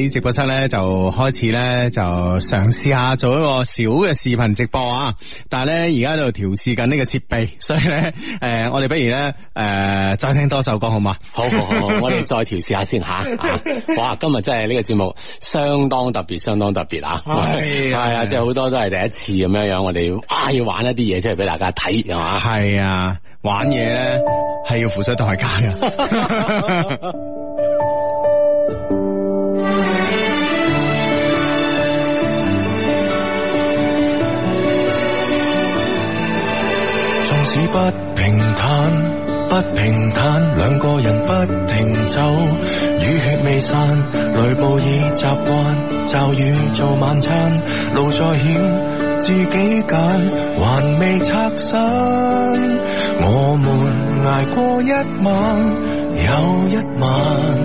喺直播室咧就開始咧，就嘗試下做一個小嘅視頻直播啊！但係咧，而家喺度調試緊呢個設備，所以咧誒，我哋不如咧誒再聽多首歌好嘛？好嗎？好好好，我哋再調試下先吓、 啊、哇，今日真係呢個節目相當特別，相當特別啊！係啊，即係好多都係第一次咁樣樣，我哋啊要玩一啲嘢出嚟俾大家睇係嘛？係啊，玩嘢咧係 要付出代價噶。 不平坦，兩個人不停走，雨血未散，雷暴已習慣，驟雨做晚餐，路再險，自己揀，還未拆散，我們挨過一晚，又一晚，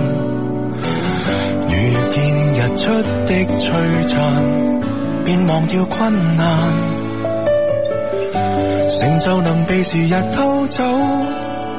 遇見日出的璀璨，便忘掉困難，成就能被時日偷走。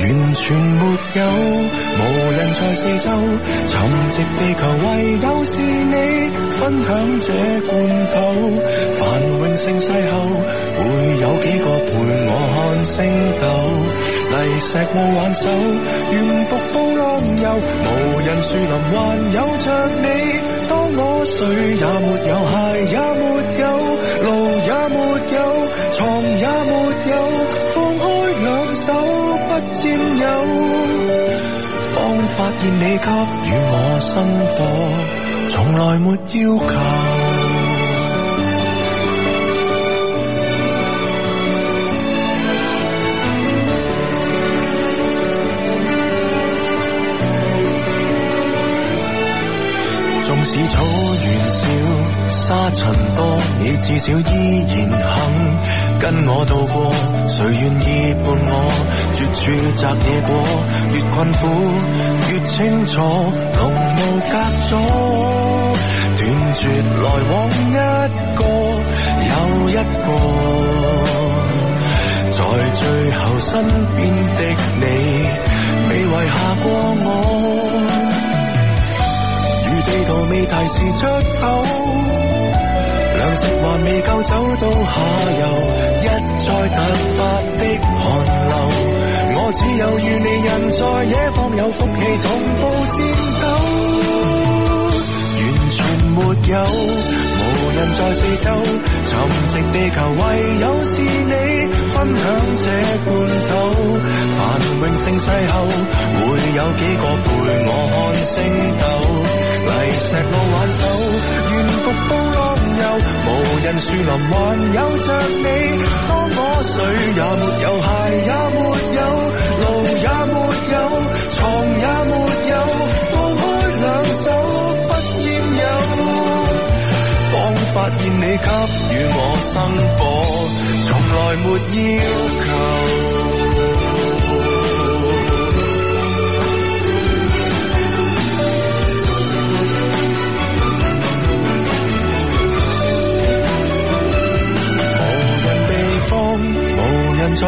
完全沒有，無人在四周，沉寂地球唯有是你分享這罐頭。繁榮盛世後，會有幾個陪我看星斗？泥石無挽手，沿瀑布浪遊，無人樹林還有着你。當我水也沒有，鞋也沒有，路也沒有，床也沒有。佔有，方發現你給予我生活從來沒要求。縱使草原少、沙塵多，你至少依然肯跟我渡過。誰願意伴我？越駐紮野果，越困苦，越清楚濃霧隔阻，斷絕來往一個又一個，在最後身邊的你，未遺下過我。如地圖未提示出口，糧食還未夠走到下游，一再突發的寒流。只有與你人在野，方有福氣同步戰鬥，完全沒有，無人在四周，沉寂地球，唯有是你分享這罐頭。繁榮盛世後，會有幾個陪我看星斗？泥石我挽手，沿瀑布浪遊，無人樹林還有着你。當我水也沒有，鞋也沒有，路也沒有，床也沒有，放開兩手不占有，當發現你給予我生活，從來沒要求。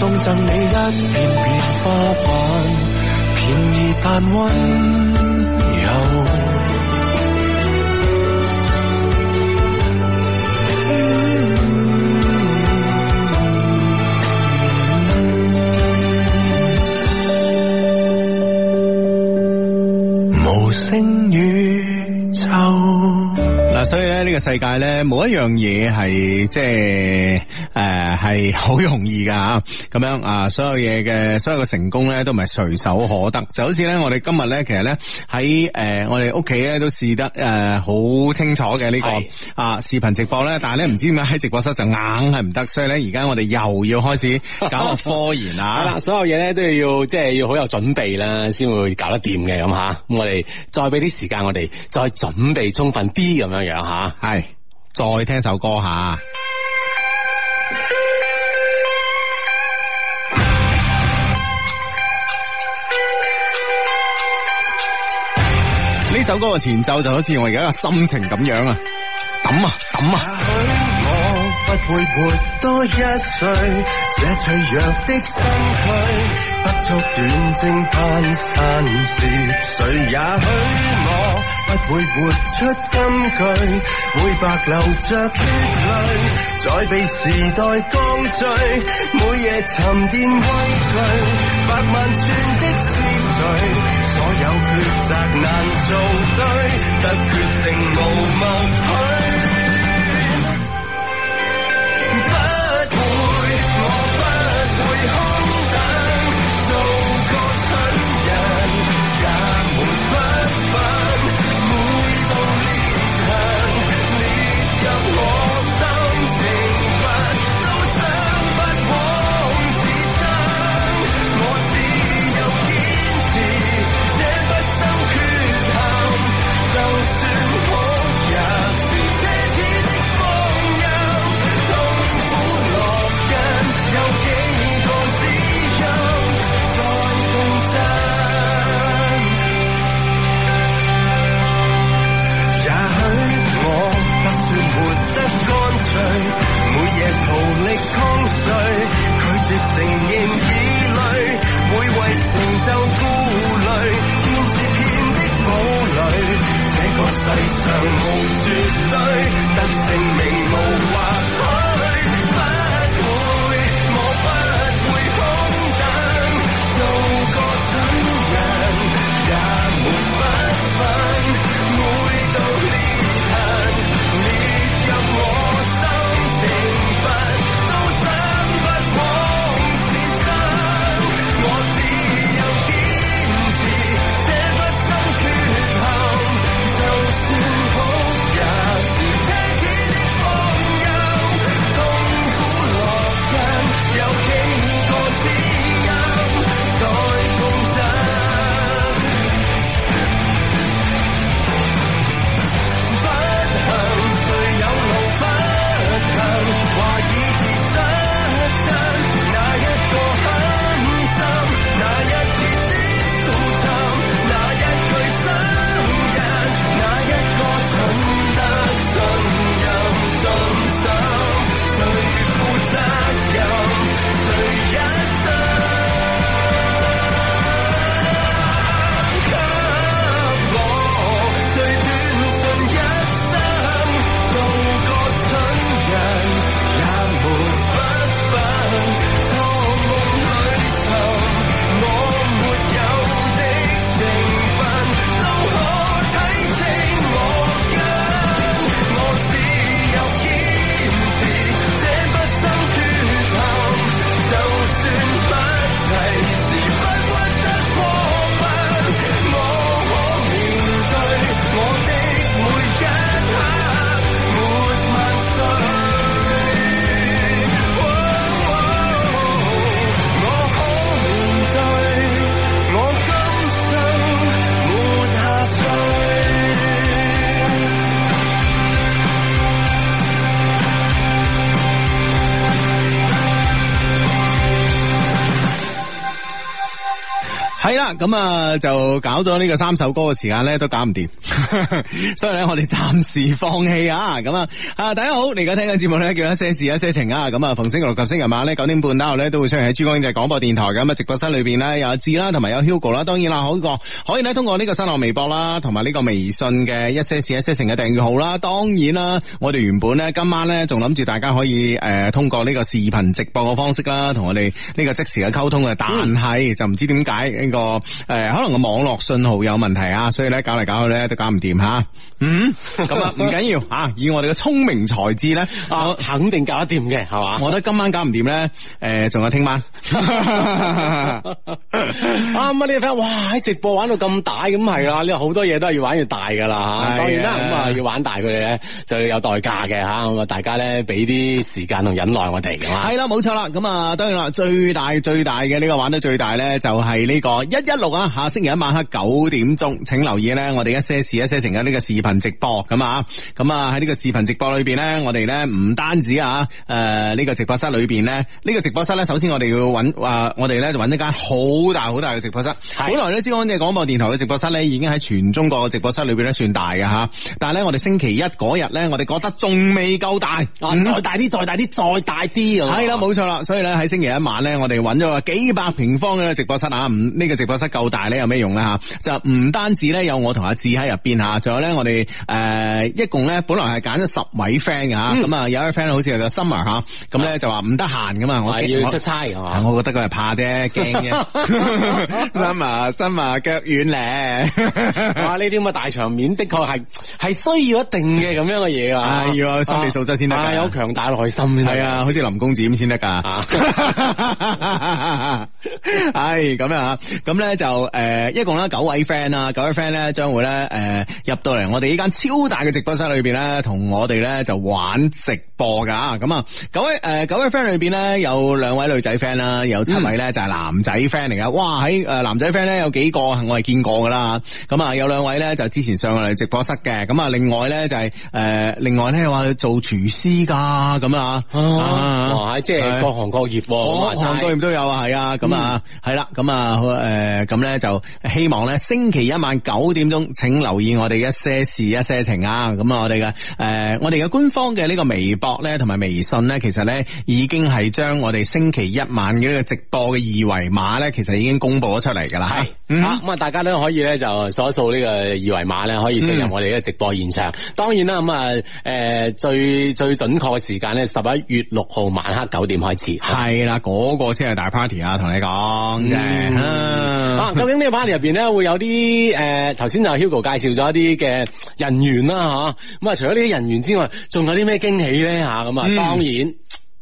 送贈你一片片花瓣，便宜但溫柔。無聲宇宙、嗯。所以呢，呢個世界呢，冇一樣嘢係即係。就是誒、呃，係好容易噶咁樣啊，所有嘢嘅所有嘅成功咧，都唔係隨手可得，就好似咧、呃，我哋今日咧，其實咧喺誒我哋屋企咧都試得誒好清楚嘅呢、這個啊視頻直播咧，但係咧唔知點解喺直播室就硬係唔得，所以咧而家我哋又要開始搞個科研啦， 所有嘢咧都要即係、就是、要好有準備啦，先會搞得掂嘅咁吓，我哋再俾啲時間我哋再準備充分啲咁樣樣吓，係再聽一首歌吓。呢首歌嘅前奏就好似我而家嘅心情咁樣啊，揼啊揼啊！所有抉擇難做對，得決定無默許。咁啊，就搞咗呢個三首歌嘅時間咧，都搞唔掂， 所以咧，我哋暫時放棄啊！咁啊，啊，大家好，你而家聽緊節目咧，叫《一些事一些情》啊！咁啊，逢星期六及星期日晚咧，九點半之後咧，都會出嚟喺珠江經濟廣播電台咁啊，直播室裏邊咧，有志啦，同埋有 Hugo 啦，當然啦，好過可以咧，通過呢個新浪微博啦，同埋呢個微信嘅《一些事一些情》嘅訂閱號啦。當然啦，我哋原本咧今晚咧，仲諗住大家可以誒，通過呢個視頻直播嘅方式啦，同我哋呢個即時嘅溝通嘅，但係就唔知點解呢個。誒，可能個網絡信號有問題啊，所以咧，搞嚟搞去咧都搞唔掂吓。嗯，咁啊唔緊要啊，以我哋嘅聰明才智咧， 我肯定搞得掂嘅，係嘛？我覺得今晚搞唔掂咧，誒，仲有聽晚。啱 啊！呢一翻哇，喺直播玩到咁大，咁係啦呢好多嘢都係越玩越大噶啦吓。當然啦，咁啊要玩大佢哋咧，就有代價嘅吓。咁啊，大家咧俾啲時間同忍耐我哋嘅。係 啦，冇錯啦。咁啊，當然啦，最大最大嘅呢個玩得最大咧，就係呢個一一，六啊，下星期一晚黑九點鐘，請留意咧，我哋一些事、一些情嘅呢個視頻直播咁啊，咁啊喺呢個視頻直播裏邊咧，我哋咧唔單止啊，誒、呃、呢、這個直播室裏邊咧，呢、這個直播室咧，首先我哋要揾啊、呃，我哋咧就揾一間好大好大嘅直播室。係本來咧，之前你講個廣播電台嘅直播室咧，已經喺全中國嘅直播室裏邊咧算大嘅吓，但係咧我哋星期一嗰日咧，我哋覺得仲未夠大、嗯，再大啲，再大啲，再大啲。係啦，冇錯啦，所以咧喺星期一晚咧，我哋揾咗個幾百平方嘅直播室啊，唔、這、呢個直播室。夠大咧有咩用咧吓？就唔單止咧有我同阿志喺入邊吓，仲有咧我哋誒，一共咧本來係揀咗十位 friend 㗎咁啊有一個 friend 好似個 summer 吓、啊，咁、啊、咧就話唔得閒㗎嘛，我要出差，嘛。我覺得佢係怕啫，驚嘅 summer summer 腳軟咧， 哇！呢啲咁嘅大場面的確係係需要一定嘅咁樣嘅嘢啊係要有心理素質先得，有強大內心先係啊，好、啊、似林公子咁先得噶。係咁啊，咁 咧、 哎。就誒、呃，一共咧九位 friend 啊，九位 friend 咧將會咧誒、呃、入到嚟我哋呢間超大嘅直播室裏邊咧，同我哋咧就玩直播噶。咁啊九位誒、呃、九位 friend 裏邊咧有兩位女仔 friend 啦，有七位咧就係男仔 friend 嚟噶。哇喺誒男仔 friend 咧有幾個係我係見過噶啦，咁啊有兩位咧就之前上嚟直播室嘅，咁啊另外咧就係、是、誒、呃、另外咧話做廚師噶咁啊，啊，啊即係各行各業、啊哦、各行各業都有啊係啊咁啊係啦咁啊誒。咁咧就希望咧星期一晚九點鐘，請留意我哋一些事一些情啊！咁啊，我哋嘅誒，我哋嘅官方嘅呢個微博咧，同埋微信咧，其實咧已經係將我哋星期一晚嘅呢個直播嘅二維碼咧，其實已經公布咗出嚟噶啦。係，咁、嗯、啊，大家都可以咧就掃一掃呢個二維碼咧，可以進入我哋嘅直播現場。嗯、當然啦，咁啊誒最最準確嘅時間咧，十一月六號晚黑九點開始。係啦，嗰、嗰個先係大 party 啊，同你講嘅。嗯啊啊，究竟呢個 party 入邊咧會有啲誒，呃、頭先就 Hugo 介紹咗一啲嘅人員啦，吓、啊、咁啊，除咗呢啲人員之外，仲有啲咩驚喜咧？吓、啊、咁啊，當然。嗯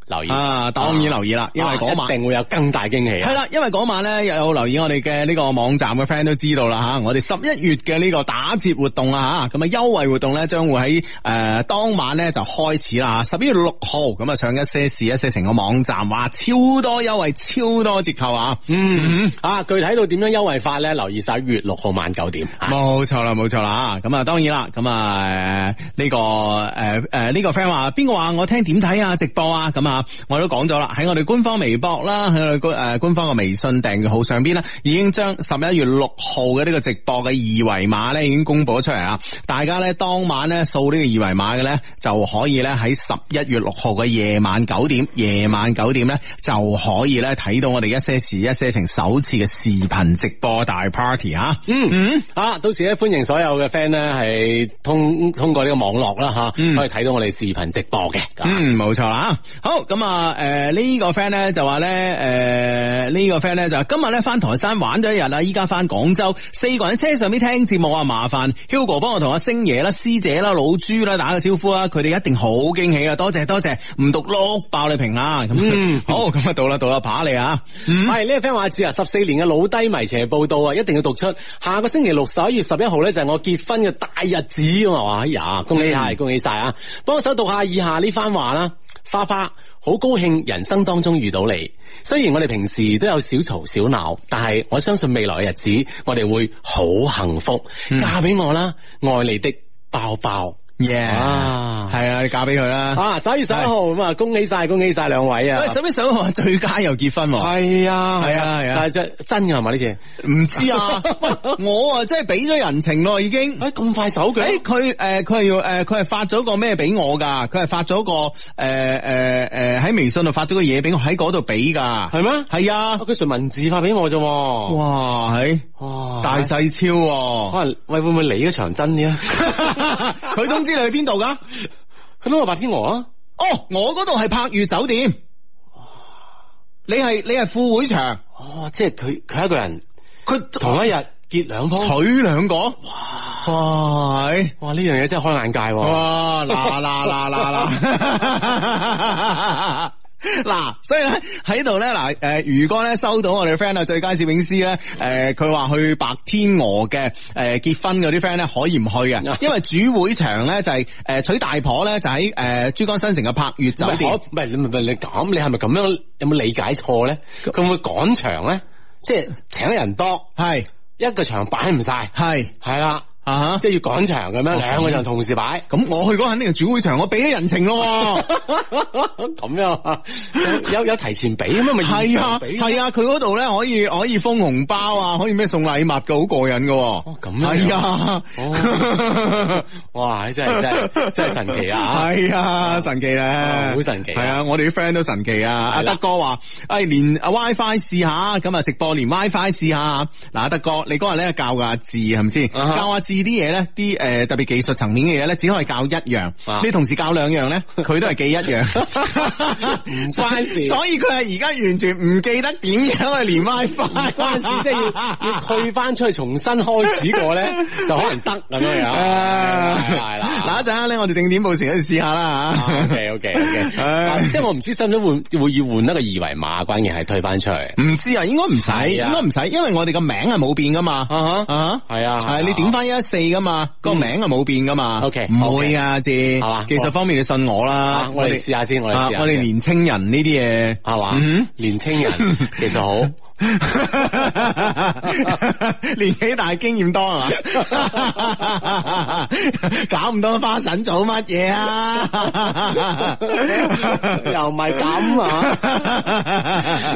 留意啊，當然留意啦，因為嗰晚一定會有更大驚喜。係啦，因為嗰晚咧，又有留意我哋嘅呢個網站嘅 friend 都知道啦吓，我哋十一月嘅呢個打折活動啊吓，咁啊優惠活動咧將會喺誒、呃、當晚咧就開始啦。十一月六號咁啊上一些事一些情成個網站話超多優惠，超多折扣啊，嗯啊具體到點樣優惠法咧，留意十一月六號晚九點。冇錯啦，冇錯啦，咁啊當然啦，咁啊呢個誒誒呢個 friend 話邊個話我聽點睇啊直播啊咁啊。我都講咗啦，喺我哋官方微博啦，喺我哋官誒官方嘅微信訂閱號上邊呢，已經將十一月六號嘅呢個直播嘅二維碼呢已經公布咗出嚟啊！大家呢，當晚呢掃呢個二維碼嘅呢，就可以呢喺十一月六號嘅夜晚九點，夜晚九點呢就可以呢睇到我哋一些事一些情首次嘅視頻直播大 party 啊！嗯嗯，啊，到時咧歡迎所有嘅 friend 咧係通通過呢個網絡啦吓、嗯，可以睇到我哋視頻直播嘅，嗯，冇錯啦、啊，好。咁啊，誒、呃、呢、這個 friend 咧就話咧，誒、呃、呢、這個 friend 咧就話今日咧翻台山玩咗一日啦，依家翻廣州，四個人喺車上面聽節目啊，麻煩 Hugo 幫我同阿星爺啦、師姐啦、老朱啦打個招呼啦，佢哋一定好驚喜啊！多謝多謝，唔讀碌爆你平啊！咁、嗯、好，咁啊到啦到啦，扒你啊！係、嗯、呢、這個 friend 話：字啊，十四年嘅老低迷邪報道啊，一定要讀出。下個星期六十一月十一號咧，就係我結婚嘅大日子咁啊哎呀！恭喜晒、嗯、恭喜晒啊！幫手讀下以下呢番話啦，花花。好高興人生當中遇到你，雖然我哋平時都有小吵小鬧，但係我相信未來嘅日子我哋會好幸福，嫁俾我啦，愛你的包包。耶、yeah. 啊，係啊，你嫁俾佢啦！啊，十一月十一號咁啊，恭喜晒，恭喜晒兩位啊！喂，使唔使想，想最佳又結婚？係啊，係、哎、啊，係啊！但係真真嘅係嘛呢次！唔知啊，我啊真係俾咗人情咯，已經。哎，咁快手腳？哎，佢誒，佢、呃、係要誒，佢、呃、係發咗個咩俾我噶？佢係發咗個誒誒誒喺微信度發咗個嘢俾我在那裡給的，喺嗰度俾噶。係咩？係啊，佢純文字發俾我啫。哇，係、哎、哇，大細超可、啊、能、哎，喂，會唔會嚟一場真嘅？佢 啲嚟去邊度噶？佢攞個白天鵝啊！哦，我嗰度係柏宇酒店。你係你係副會長。哦，即係佢佢一個人，佢同一日結兩方，娶兩個。哇哇，呢樣嘢真係開眼界。哇嗱啦啦啦啦！啦啦 嗱，所以咧喺度咧，嗱，誒，余哥咧收到我哋 friend 啊最佳攝影師咧，誒，佢話去白天鵝嘅誒結婚嗰啲 friend 咧可以唔去嘅，因為主會場咧就係誒娶大婆咧就喺誒珠江新城嘅柏悅酒店，唔係你明唔明，你咁，你係咪咁樣有冇理解錯咧？佢會趕場咧，即係請人多，係一個場擺唔晒，係係啦。啊、uh-huh.！即係要趕場嘅咩？兩個人同時擺，咁、嗯、我去嗰肯定係主會場，我俾咗人情咯。咁 樣嗎 有有，有提前俾咁 是啊？咪係啊係啊！佢嗰度咧可以可以封紅包啊，可以咩送禮物嘅，好過癮嘅。咁、哦、樣係啊！Oh. 哇！真係真真係神奇啊！係、 哎、 啊！神奇啊，好神奇。係啊！我哋啲 friend 都神奇啊！阿、啊、德哥話，誒、哎，連 WiFi 試下，咁啊直播連 WiFi 試下。嗱、啊，德哥，你嗰日咧教阿志係咪先教阿、啊？試啲嘢咧，啲誒特別技術層面嘅嘢咧，只可以教一樣、啊。你同時教兩樣咧，佢都係記一樣，唔 關事。所以佢係而家完全唔記得點樣去連 WiFi，關事， 即係要退翻出去重 新開始過咧， 就可能得咁樣樣。係 啦、啊，嗱、啊啊、一陣間咧，啊 okay, okay, okay, uh, 我哋正點報時嗰陣試下啦嚇。O K O K，即係我唔知使唔使換會要換一個二維碼，關鍵係退翻出去。唔知啊，應該唔使，應該唔使，因為我哋個名係冇變噶嘛。啊哈啊哈，係啊，係、啊啊、你點翻一？四噶嘛，個、嗯、名啊冇變噶嘛，OK，唔、okay, 會啊，阿志，係嘛？技術方面你信我啦、okay, 啊，我哋試下先，我哋試下。我哋、啊、年青人呢啲嘢，係、啊、嘛、嗯？年青人 其實好。 年紀大經驗多啊， 搞唔到花神做乜嘢啊？ 又唔係咁啊？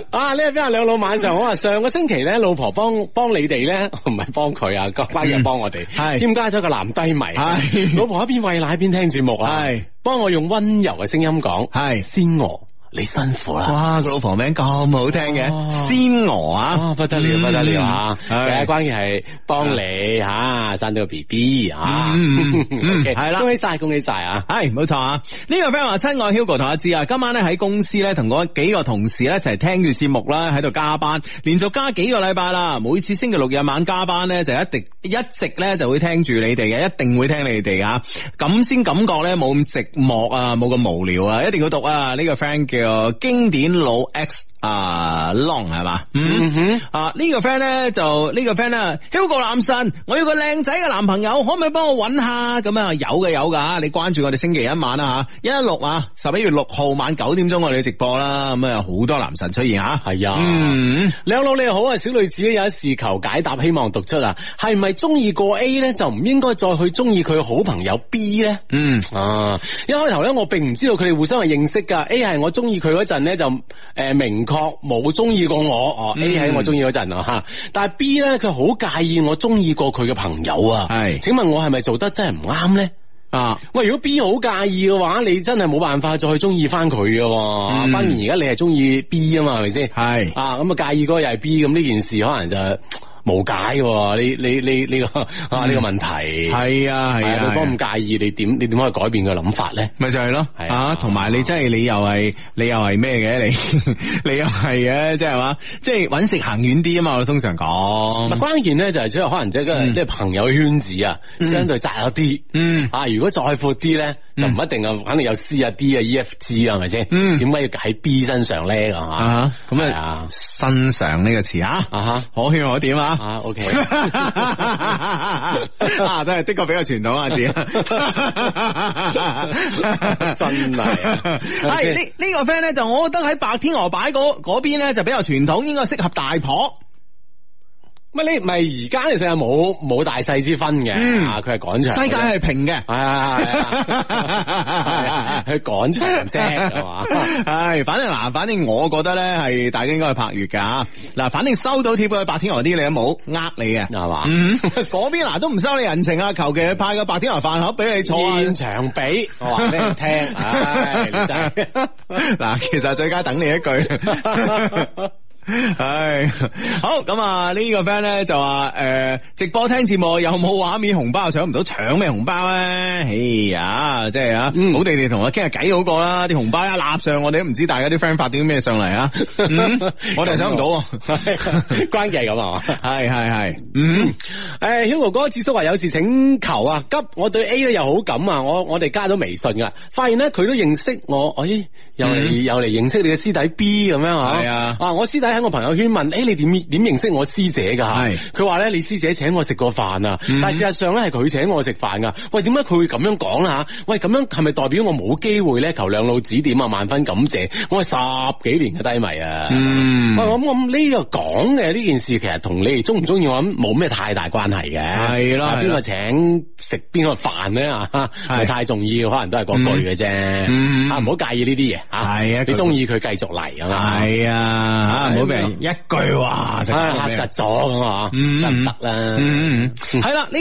啊呢係邊啊？兩老晚上，我話、啊、上個星期咧，老婆幫幫你哋咧，唔係幫佢啊，個花爺幫我哋，係、嗯、添加咗個男低迷，係老婆一邊餵奶一邊聽節目啊，係幫我用温柔嘅聲音講，係仙鵝。你辛苦啦！哇，個老婆名咁好聽嘅仙娥啊，哦，不得了不得了啊嘅，嗯、關鍵係幫你吓生咗個 B B 啊，係啦，啊嗯嗯 okay，恭喜晒恭喜晒啊！係冇錯啊！呢個 friend 話，親愛 Hugo，同我知啊，今晚咧喺公司咧同嗰幾個同事咧一齊聽住節目啦，喺度加班，連續加幾個禮拜啦，每次星期六日晚加班咧就一定一直咧就會聽住你哋嘅，一定會聽你哋啊，咁先感覺咧冇咁寂寞啊，冇咁無聊啊，一定要讀啊！呢、呢個 friend 叫個經典老 X。啊、uh, long 係嘛，嗯哼，啊呢個 friend 咧就呢個 friend 啦，幾個男神，我要個靚仔嘅男朋友，可唔可以幫我揾下？咁、so, 啊有嘅有噶，你關注我哋星期一晚啦吓，一六啊十一月六號晚九點鐘我哋嘅直播啦，咁啊好多男神出現吓，係啊嗯，靚佬你好啊，小女子咧有一事求解答，希望讀出啊，係唔係中意過 A 咧就唔應該再去中意佢好朋友 B 咧？嗯，啊，一開頭咧我並唔知道佢哋互相係認識噶，A 係我中意佢陣咧就誒明冇中意過我，哦 A 喺我中意嗰陣啊吓，但係 B 咧佢好介意我中意過佢嘅朋友啊，係，請問我係咪做得真係唔啱咧？啊喂，如果 B 好介意嘅話，你真係冇辦法再去中意翻佢㗎，反而而家你係中意 B 啊嘛，係咪先？係啊，咁啊介意嗰個又係 B，咁呢件事可能就。無解㗎，你你你呢個、嗯、啊呢、這個問題係啊係啊，如果唔介意，啊啊、你點你點可以改變個諗法咧？咪就係、是、咯、啊，啊，同埋你真係你又係你又係咩嘅？你又你，你又係嘅，即係嘛，即係搵食行遠啲啊嘛。我通常講，關鍵咧就係即係可能即係、嗯、即係朋友圈子啊，相對窄咗啲。嗯啊，如果再闊啲咧，就唔一定啊，肯定有 C 啊 D 啊 EFG 啊，係咪先？嗯，點解、e, 嗯、要喺 B 身上咧？啊，咁啊，身上呢個詞啊，啊哈，可圈可點啊？可啊、ah,，OK，啊，真係的確比較傳統啊，啲，真係。係呢呢個 friend 咧，就我覺得喺白天鵝擺嗰嗰邊咧，就比較傳統，應該適合大婆。唔，你，唔係而家你成日冇冇大細之分嘅，啊佢係講出世界係平嘅，係係係，佢講出嚟係嘛？唉，反正嗱，反正我覺得咧係，大家應該係拍月噶嗱，反正收到貼嗰個白天鵝啲，你都冇呃你嘅，係嘛？嗰邊嗱都唔收你人情啊，求其去派個白天鵝飯盒俾你坐啊，現場俾我話俾你聽。唉，嗱，其實最佳等你一句。 唉，好咁啊！呢個 friend 咧就話誒，直播聽節目有冇畫面紅包搶唔到，搶咩紅包咧？哎呀，即係啊，好地地同我傾下偈好過啦！啲紅包一立上，我哋都唔知大家啲 friend 發啲咩上嚟啊！我哋想唔到，關鍵係咁啊！係系系，嗯，誒，Hugo 哥哥，智叔話有事請求啊，急！我對 A 咧有好感啊，我我哋加咗微信啊，發現咧佢都認識我，哎，又嚟又嚟認識你嘅師弟 B 咁樣啊，啊，我師弟。喺我朋友圈問，誒、欸，你點點認識我師姐噶？係佢話咧，你師姐請我食過飯啊，嗯、但係事實上咧係佢請我食飯噶。喂，點解佢會咁樣講啊？喂，咁樣係咪代表我冇機會咧？求兩老指點啊，萬分感謝。我係十幾年嘅低迷啊。喂、嗯，咁我咁呢個講嘅呢件事，其實同你哋中唔中意我諗冇咩太大關係嘅。係啦，邊個請食邊個飯咧？啊，係、啊、太重要，可能都係個句嘅啫、嗯。啊，唔好介意呢啲嘢。係啊，你中意佢繼續嚟，啊嘛。係啊。啊一句話就黑實咗咁啊，得唔得嗯係啦，呢、嗯嗯嗯嗯嗯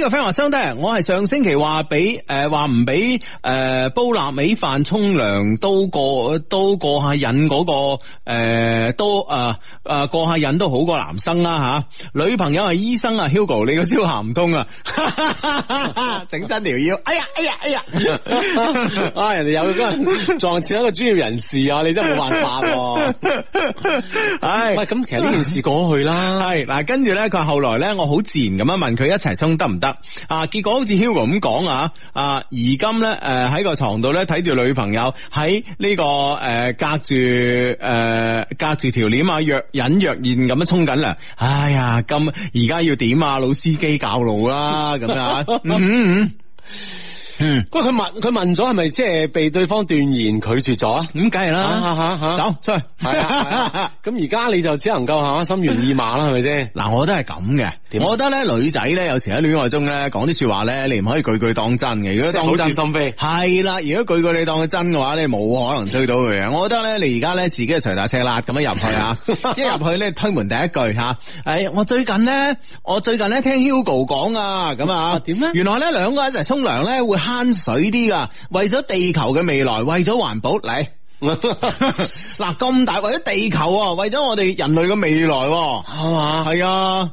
這個 friend 話相抵，我係上星期話俾誒話唔俾誒煲臘味飯沖涼都過都過下癮嗰個誒、呃呃、都誒誒過下癮都好過男生啦吓、啊，女朋友係醫生啊，Hugo 你個招行唔通啊，整真條腰，哎呀哎呀哎呀，啊、哎 哎、人哋有個撞似一個專業人士啊，你真係冇辦法、啊，唉、 哎。喂，咁其實呢件事過去啦。 係，嗱，跟住咧，佢後來咧，我好自然咁樣問佢一齊沖得唔得啊？結果好似 Hugo 咁講啊，啊，而今咧，誒，喺個床度咧，睇住女朋友喺呢個誒隔住誒隔住條鏈啊，若隱若現咁樣沖緊啦。哎呀，咁而家要點啊？老司機教路啦，咁 啊、嗯，嗯嗯嗯。嗯，是不過佢問佢問咗係咪即係被對方斷言拒絕咗啊？咁梗係啦，走出去，咁而家你就只能夠、啊、心猿意馬啦，係咪先？嗱、 啊，我都係咁嘅。我覺得咧，女仔咧，有時喺戀愛中咧，講啲說話咧，你唔可以句句當真嘅。如果當真，當真心扉係啦，如果句句你當佢真嘅話，你冇可能追到佢 我覺得咧，你而家咧自己係隨打車啦咁樣入去啊，一入去咧推門第一句吓、啊欸，我最近咧，我最近咧聽 Hugo 講啊，咁啊，點咧？原來咧兩個人一齊沖涼咧會慳水啲噶，為咗地球嘅未來，為咗環保嚟。嗱咁 大，為咗地球，為咗我哋人類嘅未來，係 嘛？係啊，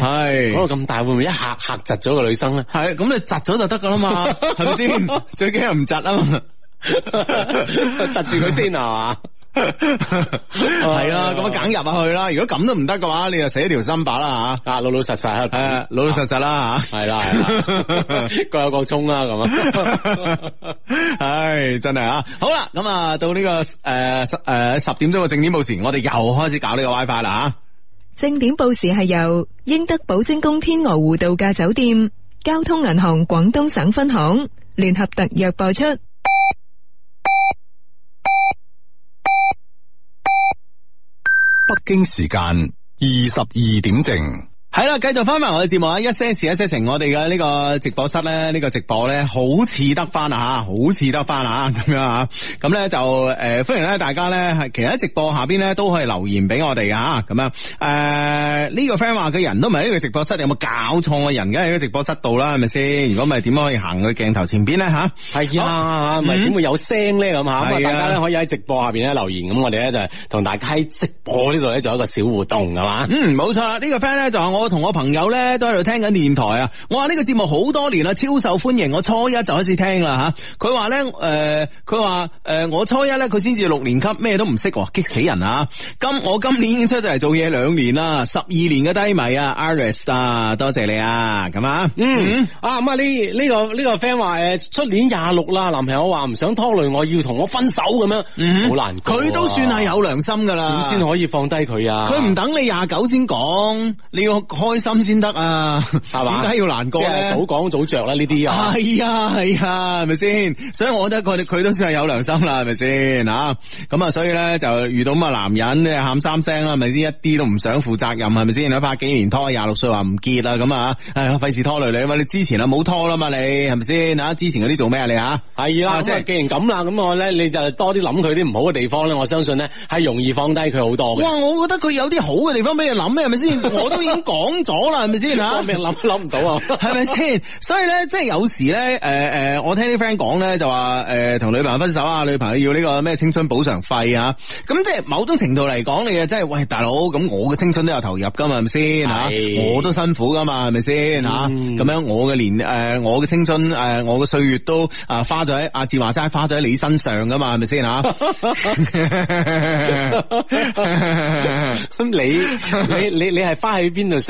係嗰個咁大，會唔會一吓吓窒咗個女生咧？係咁，你窒咗就得噶啦嘛，係 咪是吧 他先？最驚又唔窒啊嘛，窒住佢先啊嘛。係 啦、哦，咁揀入去啦。如果咁都唔得嘅話，你就死一條心把啦吓，老老實實，啊、老老實實啦吓，係啦係啦，啊、 各有各衝啦咁啊。唉、 哎，真係啊。好啦，咁啊，到呢、這個誒誒、呃、十點鐘嘅正點報時，我哋又開始搞呢個 WiFi 啦吓、啊。正點報時係由英德寶晶宮天鵝湖度假酒店、交通銀行廣東省分行聯合特約播出。北京時間二十二點正。係啦，繼續翻埋我哋節目啊！一些事，一些情，我哋嘅呢個直播室咧，呢、這個直播咧，好似得翻啊吓，好似得翻啊咁樣吓。咁咧就誒、呃，歡迎咧大家咧，係其實喺直播下邊咧都可以留言俾我哋噶吓。咁樣誒，呢、呃這個 friend 話嘅人都唔係呢個直播室，有冇搞錯啊？人梗係喺個直播室度啦，係咪先？如果唔係點樣可以行去鏡頭前邊咧吓？係啊，唔係點會有聲咧咁吓？大家咧可以喺直播下邊咧留言，咁我哋咧就同大家喺直播呢度咧做一個小互動係嘛。嗯，冇錯啦，呢、這個 friend 咧就話我。同我，我朋友咧都喺度聽緊電台啊！我話呢個節目好多年啦，超受歡迎。我初一就開始聽啦吓。佢話咧，誒、呃，佢話誒，我初一咧，佢先至六年級，咩都唔識，激死人啊！今我今年已經出咗嚟做嘢兩年啦，十二年嘅低迷啊，Arrest 啊， Aris, 多謝你啊，咁啊、嗯，嗯，啊咁啊呢呢個呢、呢個 friend 話誒，出年廿六啦，男朋友話唔想拖累我要同我分手咁樣，好、嗯、難、啊，佢都算係有良心噶啦，先可以放低佢啊，佢唔等你廿九先講，你要。開心先得啊，係嘛？點解要難過？就是，早講早着啦，呢啲啊。係啊係啊，係咪先？所以我覺得佢佢都算係有良心啦，係咪先？啊，咁啊，所以咧就遇到咁嘅男人，你喊三聲啦，係咪先？一啲都唔想負責任，係咪先？你拍幾年拖，廿六歲話唔結啦，咁啊，係費事拖累你啊嘛？你之前啊冇拖啦嘛，你係咪先？嗱，之前嗰啲做咩啊你啊？係啊，即係，啊啊就是，既然咁啦，咁我咧你就多啲諗佢啲唔好嘅地方咧，我相信咧係容易放低佢好多哇，我覺得佢有啲好嘅地方俾你諗咩？係咪先？我都已經講。 講咗啦，係咪先啊？我明諗諗唔到啊，係咪先？所以咧，即係有時咧，誒誒，我聽啲 friend 講咧，就話誒，同女朋友分手啊，女朋友要呢個咩青春補償費啊？咁即係某種程度嚟講你啊、就是，即係喂，大佬，咁我嘅青春都有投入噶嘛，係咪先吓？我都辛苦噶嘛，係咪先吓？嗯、咁樣我嘅年誒，我嘅青春誒，我嘅歲月都啊花咗喺阿志華齋，自華齋，花咗喺你身上噶嘛，係咪先吓？咁 你你你你係花喺邊度？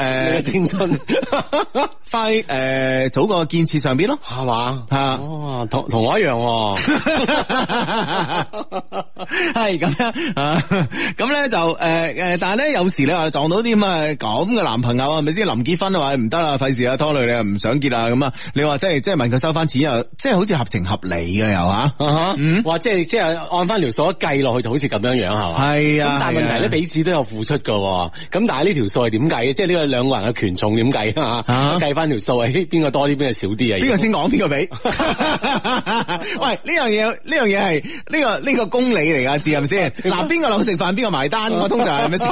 誒、呃，青春，快 誒、呃，早個建設上邊咯，係嘛、啊哦啊？ 啊，同同我一樣，係咁樣咁咧就誒誒，但係咧有時你話撞到啲咁嘅男朋友係咪先？臨結婚啊嘛，唔得啦，費事啊，拖累你啊，唔想結啊咁啊？你話即係即係問佢收翻錢又，即、就、係、是、好似合情合理嘅又吓，或者即係即係按翻條數計落去就好似咁樣樣，係嘛？係啊，啊，但係問題咧、啊、彼此都有付出噶，咁但係呢條數係點計嘅？即係呢個。兩個人嘅權重點計啊？計翻條數，邊個多啲，邊個少啲啊？邊個先講，邊個俾？喂，呢樣嘢呢樣嘢係呢個呢、這個公理嚟噶，志係咪先？嗱，邊、啊、個留食飯，邊個埋單噶，通常係咪先？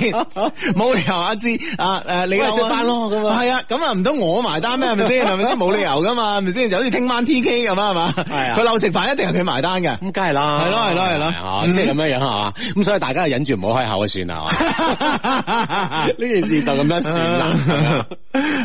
冇 理由，阿志啊誒，你埋單咯，係啊，咁啊唔通我埋單咩？係咪先？係咪先？冇理由噶嘛，係咪先？就好似聽晚 TK 咁啊，係嘛？係啊，佢留食飯一定係佢埋單嘅，咁梗係啦，係咯係咯係咯，即係咁樣樣啊？咁、啊啊啊嗯、所以大家忍住唔好開口算啦，呢 件事就咁樣算啦。 啊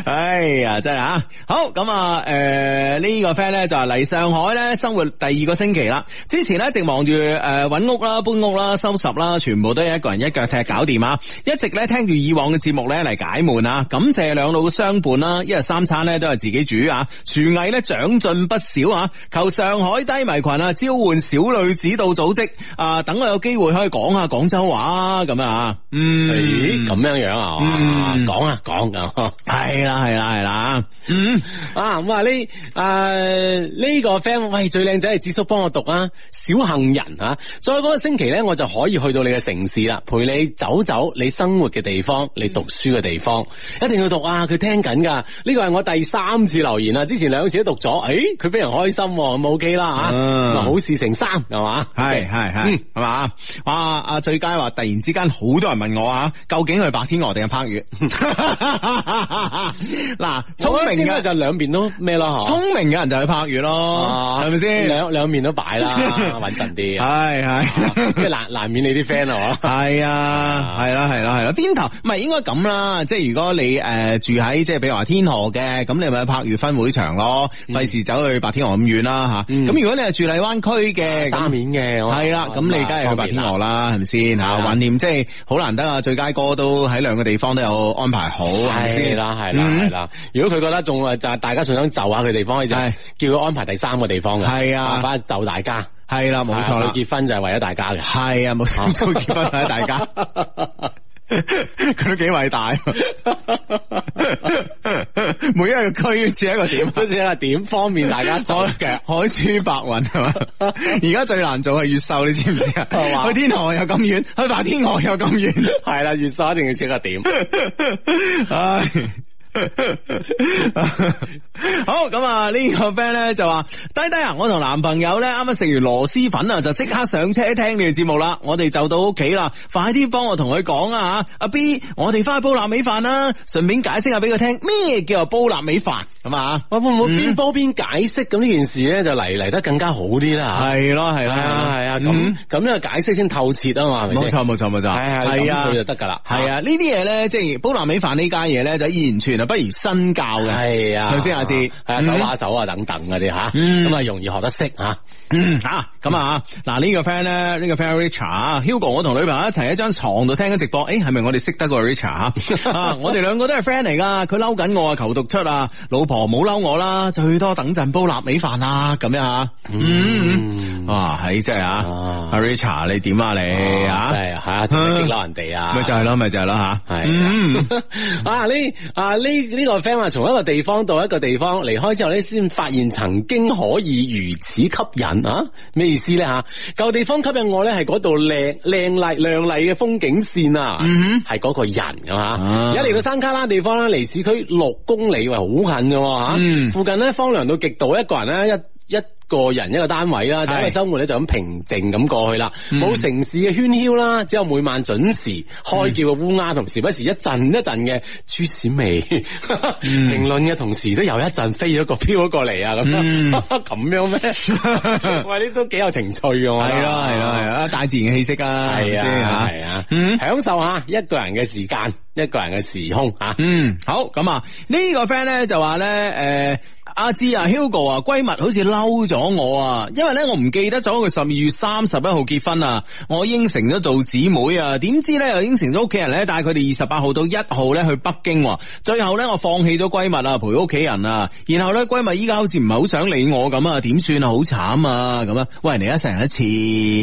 哎呀，真係啊！好咁啊，誒、呃這個、呢個 friend 咧就係嚟上海咧生活第二個星期啦。之前咧，一直忙住誒搵屋啦、搬屋啦、收拾啦，全部都係一個人一腳踢搞掂啊！一直咧聽住以往嘅節目咧嚟解悶啊！感謝兩老相伴啦、啊，一日三餐咧都係自己煮啊，廚藝咧長進不少啊！求上海低迷群啊，召喚小女子導組織啊，等我有機會可以講下廣州話咁啊，啊！嗯，咁樣樣啊，講、嗯、啊講，係啦，係啦，係啦，嗯，啊，咁啊，呢，誒，呢個 friend 喂最靚仔係紫叔幫我讀啊，小杏仁啊，再嗰個星期咧我就可以去到你嘅城市啦，陪你走走你生活嘅地方，你讀書嘅地方，一定要讀啊，佢聽緊噶，呢個係我第三次留言啦，之前兩次都讀咗，誒佢俾人開心，冇計啦吓，啊嗯、好事成三係嘛，係係係係嘛，啊，啊最佳話突然之間好多人問我啊，究竟係白天鵝定係烹魚？ 嗱， 聰明嘅就兩邊都咩咯，聰明嘅人就去柏悅咯，係咪先？兩兩面都擺啦，穩陣啲，係係，即係、啊、難 難免你啲 friend 係啊，係啦係啦係啦，邊頭唔係應該咁啦，即係如果你誒、呃、住喺即係，比如話天河嘅，咁你咪去柏悅分會場咯，費事走去白天鵝咁遠啦吓。咁、嗯啊、如果你係住荔灣區嘅，啊、面嘅，係啦、啊，咁你梗係去白天鵝啦，係咪先吓？橫掂即係好難得啊，最佳哥都喺兩個地方都有安排好。好係啦，係啦，係、嗯、啦。如果佢覺得仲誒，就係大家想就下佢地方，可以就係叫佢安排第三個地方嘅，係啊，翻就大家。係啦，冇錯。佢結婚就係為咗大家嘅，係啊，冇錯。結婚為咗大家。 佢都幾偉大，每一個區設一個點，設一個點，方便大家做嘅海珠白雲係嘛？而家最難做係越秀，你知唔知啊？去天河又咁遠，去白天河又咁遠，係啦，越秀一定要設個點。唉 好咁啊！呢個 friend 咧就話，低低啊！我同男朋友咧啱啱食完螺螄粉啊，就即刻上車聽你嘅節目啦。我哋就到屋企啦，快啲幫我同佢講啊！阿 B，我哋翻去煲臘味飯啦，順便解釋下俾佢聽咩叫做煲臘味飯，係啊，我會唔會邊煲邊解釋咁呢件事咧，嗯？就嚟，嚟得更加好啲啦！係咯，係啦，係啊！咁咁樣解釋先透徹啊嘛？冇錯，冇錯，冇錯，係係啊，得噶啦！係啊，呢啲嘢咧，即係煲臘味飯呢家嘢咧，就係完全。不如身教嘅係啊，頭先阿志，係啊，啊手把手啊等等嗰啲吓，咁、嗯、啊容易學得識吓，吓咁啊嗱、嗯啊啊啊這個、呢、這個 friend 咧，呢個 friend Richard Hugo，我同女朋友一齊喺張床度聽緊直播，誒係咪我哋識得個 Richard 啊？ 我哋兩個都係 friend 嚟噶。佢嬲緊我啊，求讀出啊，老婆冇嬲我啦，最多等陣煲臘味飯啊咁樣啊。嗯，哇、嗯，係真係啊，啊，啊，啊，啊，啊，阿 Richard 你點啊你啊？真係係啊，仲未激嬲人哋啊？咪就係咯，咪就係咯吓。係啊，啊呢啊呢。啊是啊啊呢、這個 friend 話從一個地方到一個地方離開之後咧，先發現曾經可以如此吸引啊？咩意思咧？吓，舊地方吸引我咧係嗰度靚靚麗靚麗嘅風景線、嗯、啊，係嗰個人㗎嘛。一嚟到山卡拉地方啦，離市區六公里，好近㗎吓、啊嗯，附近咧荒涼到極度，一個人咧一。一個人一個單位啦，咁嘅生活咧就咁平靜咁過去啦，冇、嗯、城市嘅喧囂啦，只有每晚準時、嗯、開叫嘅烏鴉，同時不時一陣一陣嘅豬屎味。評論嘅同時都有一陣飛咗個飄咗過嚟啊，咁樣咁、嗯、 樣咩嗎？ 喂，呢都幾有情趣喎！係咯係，咯係啊，大自然嘅氣息啊，係啊係啊，啊、嗯，享受一下一個人嘅時間、嗯，一個人嘅時空啊。嗯，好咁啊，呢、這個 friend 咧就話咧，誒、呃。阿芝啊，Hugo 啊，閨蜜好似嬲咗我啊，因為咧我唔記得咗佢十二月三十一號結婚啊，我應承咗做姊妹啊，點知咧又應承咗屋企人咧帶佢哋二十八號到一號咧去北京，最後咧我放棄咗閨蜜啊陪屋企人啊，然後咧閨蜜依家好似唔係好想理我咁啊，點算啊？好慘啊咁啊。喂，嚟家一齊一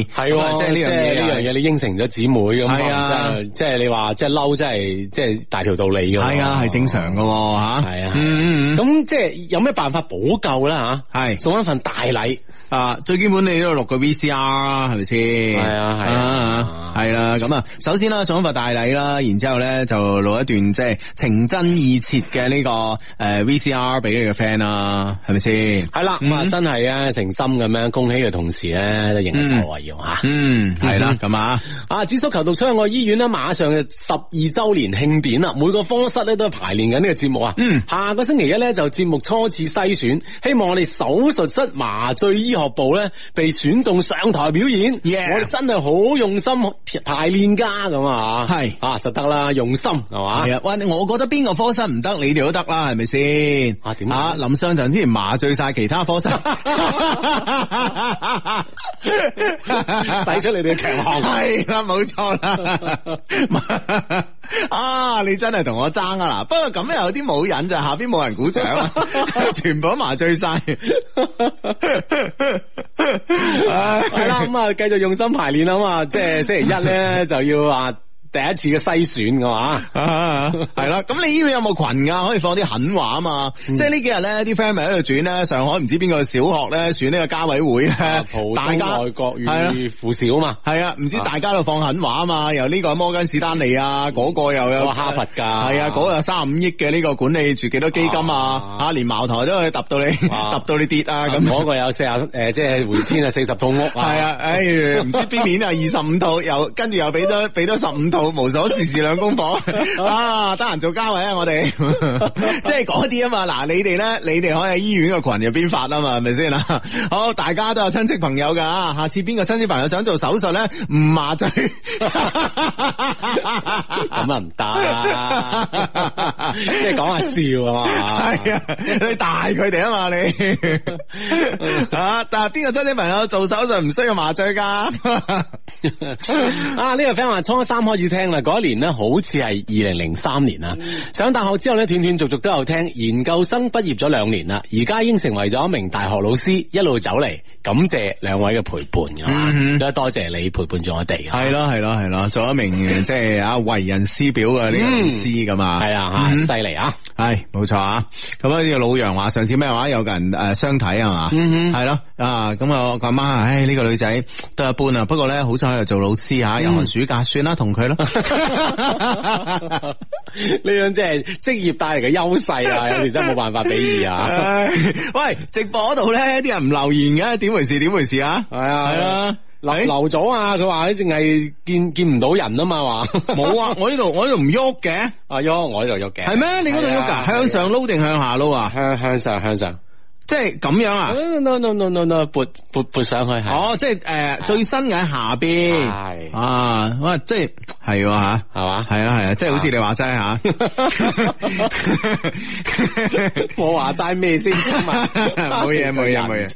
次係、啊，即係呢樣嘢呢樣嘢，你應承咗姊妹咁啊，即係你話即係嬲，即係即係大條道理嘅，係啊，係正常嘅吓，係啊，咁、啊嗯嗯、即係有咩？辦法補救啦吓，係送一份大禮啊！最基本你都要錄個 VCR 啦，係咪先？係啊，係啊，係啦、啊，咁啊，啊，啊，啊，啊，首先啦，送一份大禮啦，然之後咧就錄一段即係、就是、情真意切嘅呢個誒 VCR 俾你嘅 friend 啦，係咪先？係啦，咁啊，嗯、真係啊，誠心咁樣恭喜嘅同事咧、嗯，都認籌啊，要吓，嗯，係啦、啊，咁、嗯啊，嗯嗯、啊，啊，紫蘇求獨昌，我醫院咧馬上嘅十二周年慶典啦，每個科室咧都係排練緊呢個節目啊，嗯，下個星期一咧就節目初次。篩選，希望我哋手術室麻醉醫學部咧被選中上台表演，yeah. 我哋真係好用心排練家咁啊，係啊實得啦，用心係嘛，係啊，我覺得邊個科室唔得，你哋都得啦，係咪先啊？點啊？林、啊、之前麻醉晒其他科室，使 出你哋強項，係 啦，冇錯啦。 啊！你真係同我爭啊！嗱，不過咁又有啲冇癮就下邊冇人鼓掌，全部麻醉晒。係啦，咁啊，嗯，繼續用心排練啊嘛，即係星期一咧就要話。第一次嘅篩選嘅話，係 啦，咁你呢邊有冇群噶？可以放啲狠話啊嘛！嗯、即係呢幾日咧，啲 family 喺度轉咧，上海唔知邊個小學咧選呢個家委會咧，啊、大家係啊，外國語附小啊嘛，係啊，唔知大家度放狠話啊嘛？由呢個摩根士丹利啊，嗰、那個又有哈佛噶，係啊，嗰、那個三五億嘅呢個管理住幾多基金啊？吓、啊啊啊，連茅台都可以揼到你，揼、啊、到你跌啊！咁、那、嗰個有四啊、呃，誒、就是，即係回遷啊，四十套屋啊，係 啊，唉、哎，唔知邊面啊，二十五套，又跟住又俾咗俾咗十五套。無無所事事兩公婆啊，得閒做嘉偉啊，我哋即係嗰啲啊們 嘛。嗱、啊，你哋咧，你哋可以喺醫院嘅群入邊發啊嘛，係咪先啊？ 好，大家都有親戚朋友噶。下次邊個親戚朋友想做手術咧，唔麻醉咁 啊唔得，即係講下笑啊嘛。係 啊，你大佢哋啊嘛你 啊，但係邊個親戚朋友做手術唔需要麻醉噶？ 啊，呢、這個 friend 話充三塊二。聽啦，嗰一年咧，好似係二零零三年啦。上大學之後咧，斷斷續續都有聽。研究生畢業咗兩年啦，而家已經成為咗一名大學老師，一路走嚟，感謝兩位嘅陪伴，係、嗯、嘛？多謝你陪伴咗我哋。係、嗯、咯，係咯，係咯，做一名即係啊為人師表嘅呢、嗯嗯啊哎、個老師噶嘛？係啊，吓，犀利啊！係，冇錯啊。咁啊，呢個老楊話上次咩話？有個人誒相睇係嘛？係、呃、咯、嗯，啊咁啊，我阿媽，唉呢、呢個女仔都一般啊。不過咧，好彩喺度做老師吓，有寒暑假算啦，同佢咯。哈哈哈！呢樣即係職業帶嚟嘅優勢啊，有 時真係冇辦法比喻啊！ 喂，直播嗰度咧，啲人唔留言嘅、啊，點回事？點回事啊？係啊，係啊，啊，留留咗啊！佢話你淨係見見唔到人啊嘛，話冇啊！我呢度，我呢度唔喐嘅。阿 喐、啊，我呢度喐嘅。係咩？你嗰度喐噶？向上撈定向下撈啊，啊？向上向，向，向上，向上。即係咁樣啊、oh,？no no no no no，撥撥撥上去係。哦，即係誒最新嘅喺下邊。係、hmm.。啊、oh, like, right? yeah. right? yeah. 即係係吓，係嘛？係啊係啊，即係好似你話齋吓。我話齋咩先？冇嘢冇嘢冇嘢。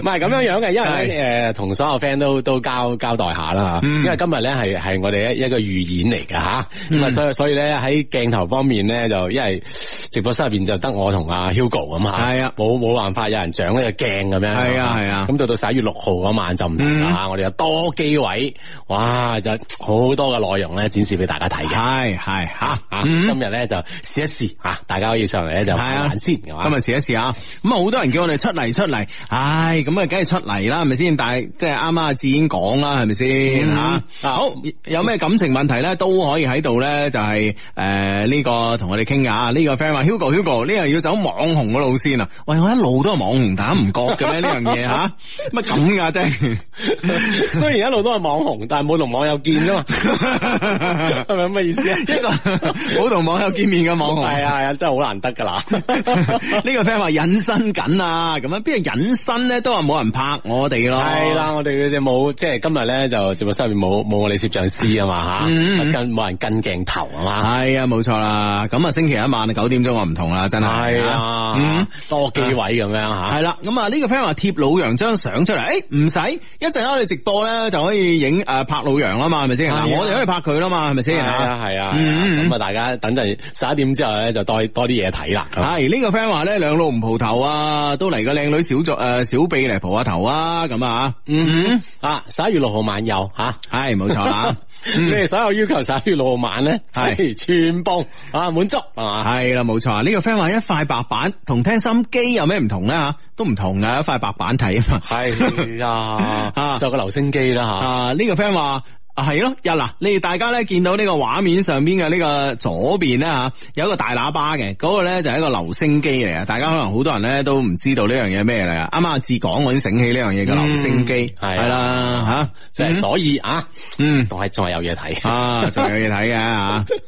唔係咁樣樣嘅，nivel 因為誒同所有 friend 都都交交代下啦、mm. 因為今日咧係係我哋一個預演嚟㗎，吓。咁啊，所以所以咧喺鏡頭方面咧就因為直播室入邊就得我同阿。Hugo 咁吓，係啊，冇冇辦法，有人掌呢隻鏡咁樣，係啊係啊，咁、啊、到到十一月六號嗰晚就唔同啦、嗯，我哋有多機位，哇，就好多嘅內容咧展示俾大家睇嘅，係係吓吓，今日咧就試一試吓、啊，大家可以上嚟咧就玩、啊、先，今日試一試啊，咁啊好多人叫我哋出嚟出嚟，唉、哎，咁啊梗係出嚟啦，係咪先？但係即係啱啱阿志已經講啦，係咪先吓？好，有咩感情問題咧都可以喺度咧就係誒呢個同我哋傾下，呢、這個 friend 話 Hugo Hugo 呢又要走網紅路線啊！喂，我一路都係網紅，打唔覺嘅咩呢樣嘢吓？乜咁噶啫？雖然一路都係網紅，但係冇同網友見㗎嘛，係咪咁嘅意思？一、這個冇同網友見面嘅網紅，係 啊係啊，真係好難得噶啦！ 個，呢個 friend 話隱身緊啊，咁樣邊度隱身咧？都話冇人拍我哋咯，係啦、啊，我哋嘅冇即係今日咧就節目收面冇冇我哋攝像師啊嘛吓，跟、嗯、冇、嗯、人跟鏡頭啊嘛，係啊冇錯啦。咁啊星期一晚九點鐘我唔同啦，真係。啊，嗯，多機位咁樣吓，係啦。咁啊，呢、啊這個 friend 話貼老楊張相出嚟，誒、欸，唔使一陣間我哋直播咧，就可以影誒拍老楊啦嘛，係咪先？嗱、啊，我哋可以拍佢啦嘛，係咪先？係啊，係啊，咁啊，啊嗯嗯、大家等陣十一等點之後咧，就多多啲嘢睇啦。係、啊、呢、啊、個 friend 話咧，兩老唔蒲頭啊，都嚟個靚女小作誒小臂嚟蒲下頭啊，咁啊嗯嗯啊，十、嗯、一、啊、月六號晚遊，吓、啊，係冇錯啦。 嗯、你哋所有要求都屬六浪漫咧，係全部啊滿足啊係啦，冇錯。啊。呢、個 friend 話一塊白板同聽心機有咩唔同咧吓，都唔同噶，一塊白板睇啊嘛，係啊啊就個留聲機啦吓啊呢個 friend 話。啊，係咯，喇。嗱，你哋大家咧見到呢個畫面上邊嘅呢個左邊咧吓，有一個大喇叭嘅，嗰、嗰個咧就係一個留聲機嚟啊！大家可能好多人咧都唔知道呢樣嘢咩嚟啊！啱啱阿志講我先醒起呢樣嘢嘅留聲機，係啦吓，即、就、係、是、所以、嗯、啊，嗯，都係仲有嘢睇啊，仲有嘢睇嘅吓，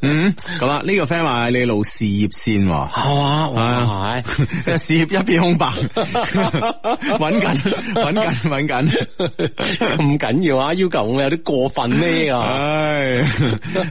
嗯、 啊，咁啊呢個 friend 話你路事業線係啊，係、啊啊、事業一片空白，穩緊穩緊穩緊，唔緊要啊，要求我有啲過分。咩啊？唉，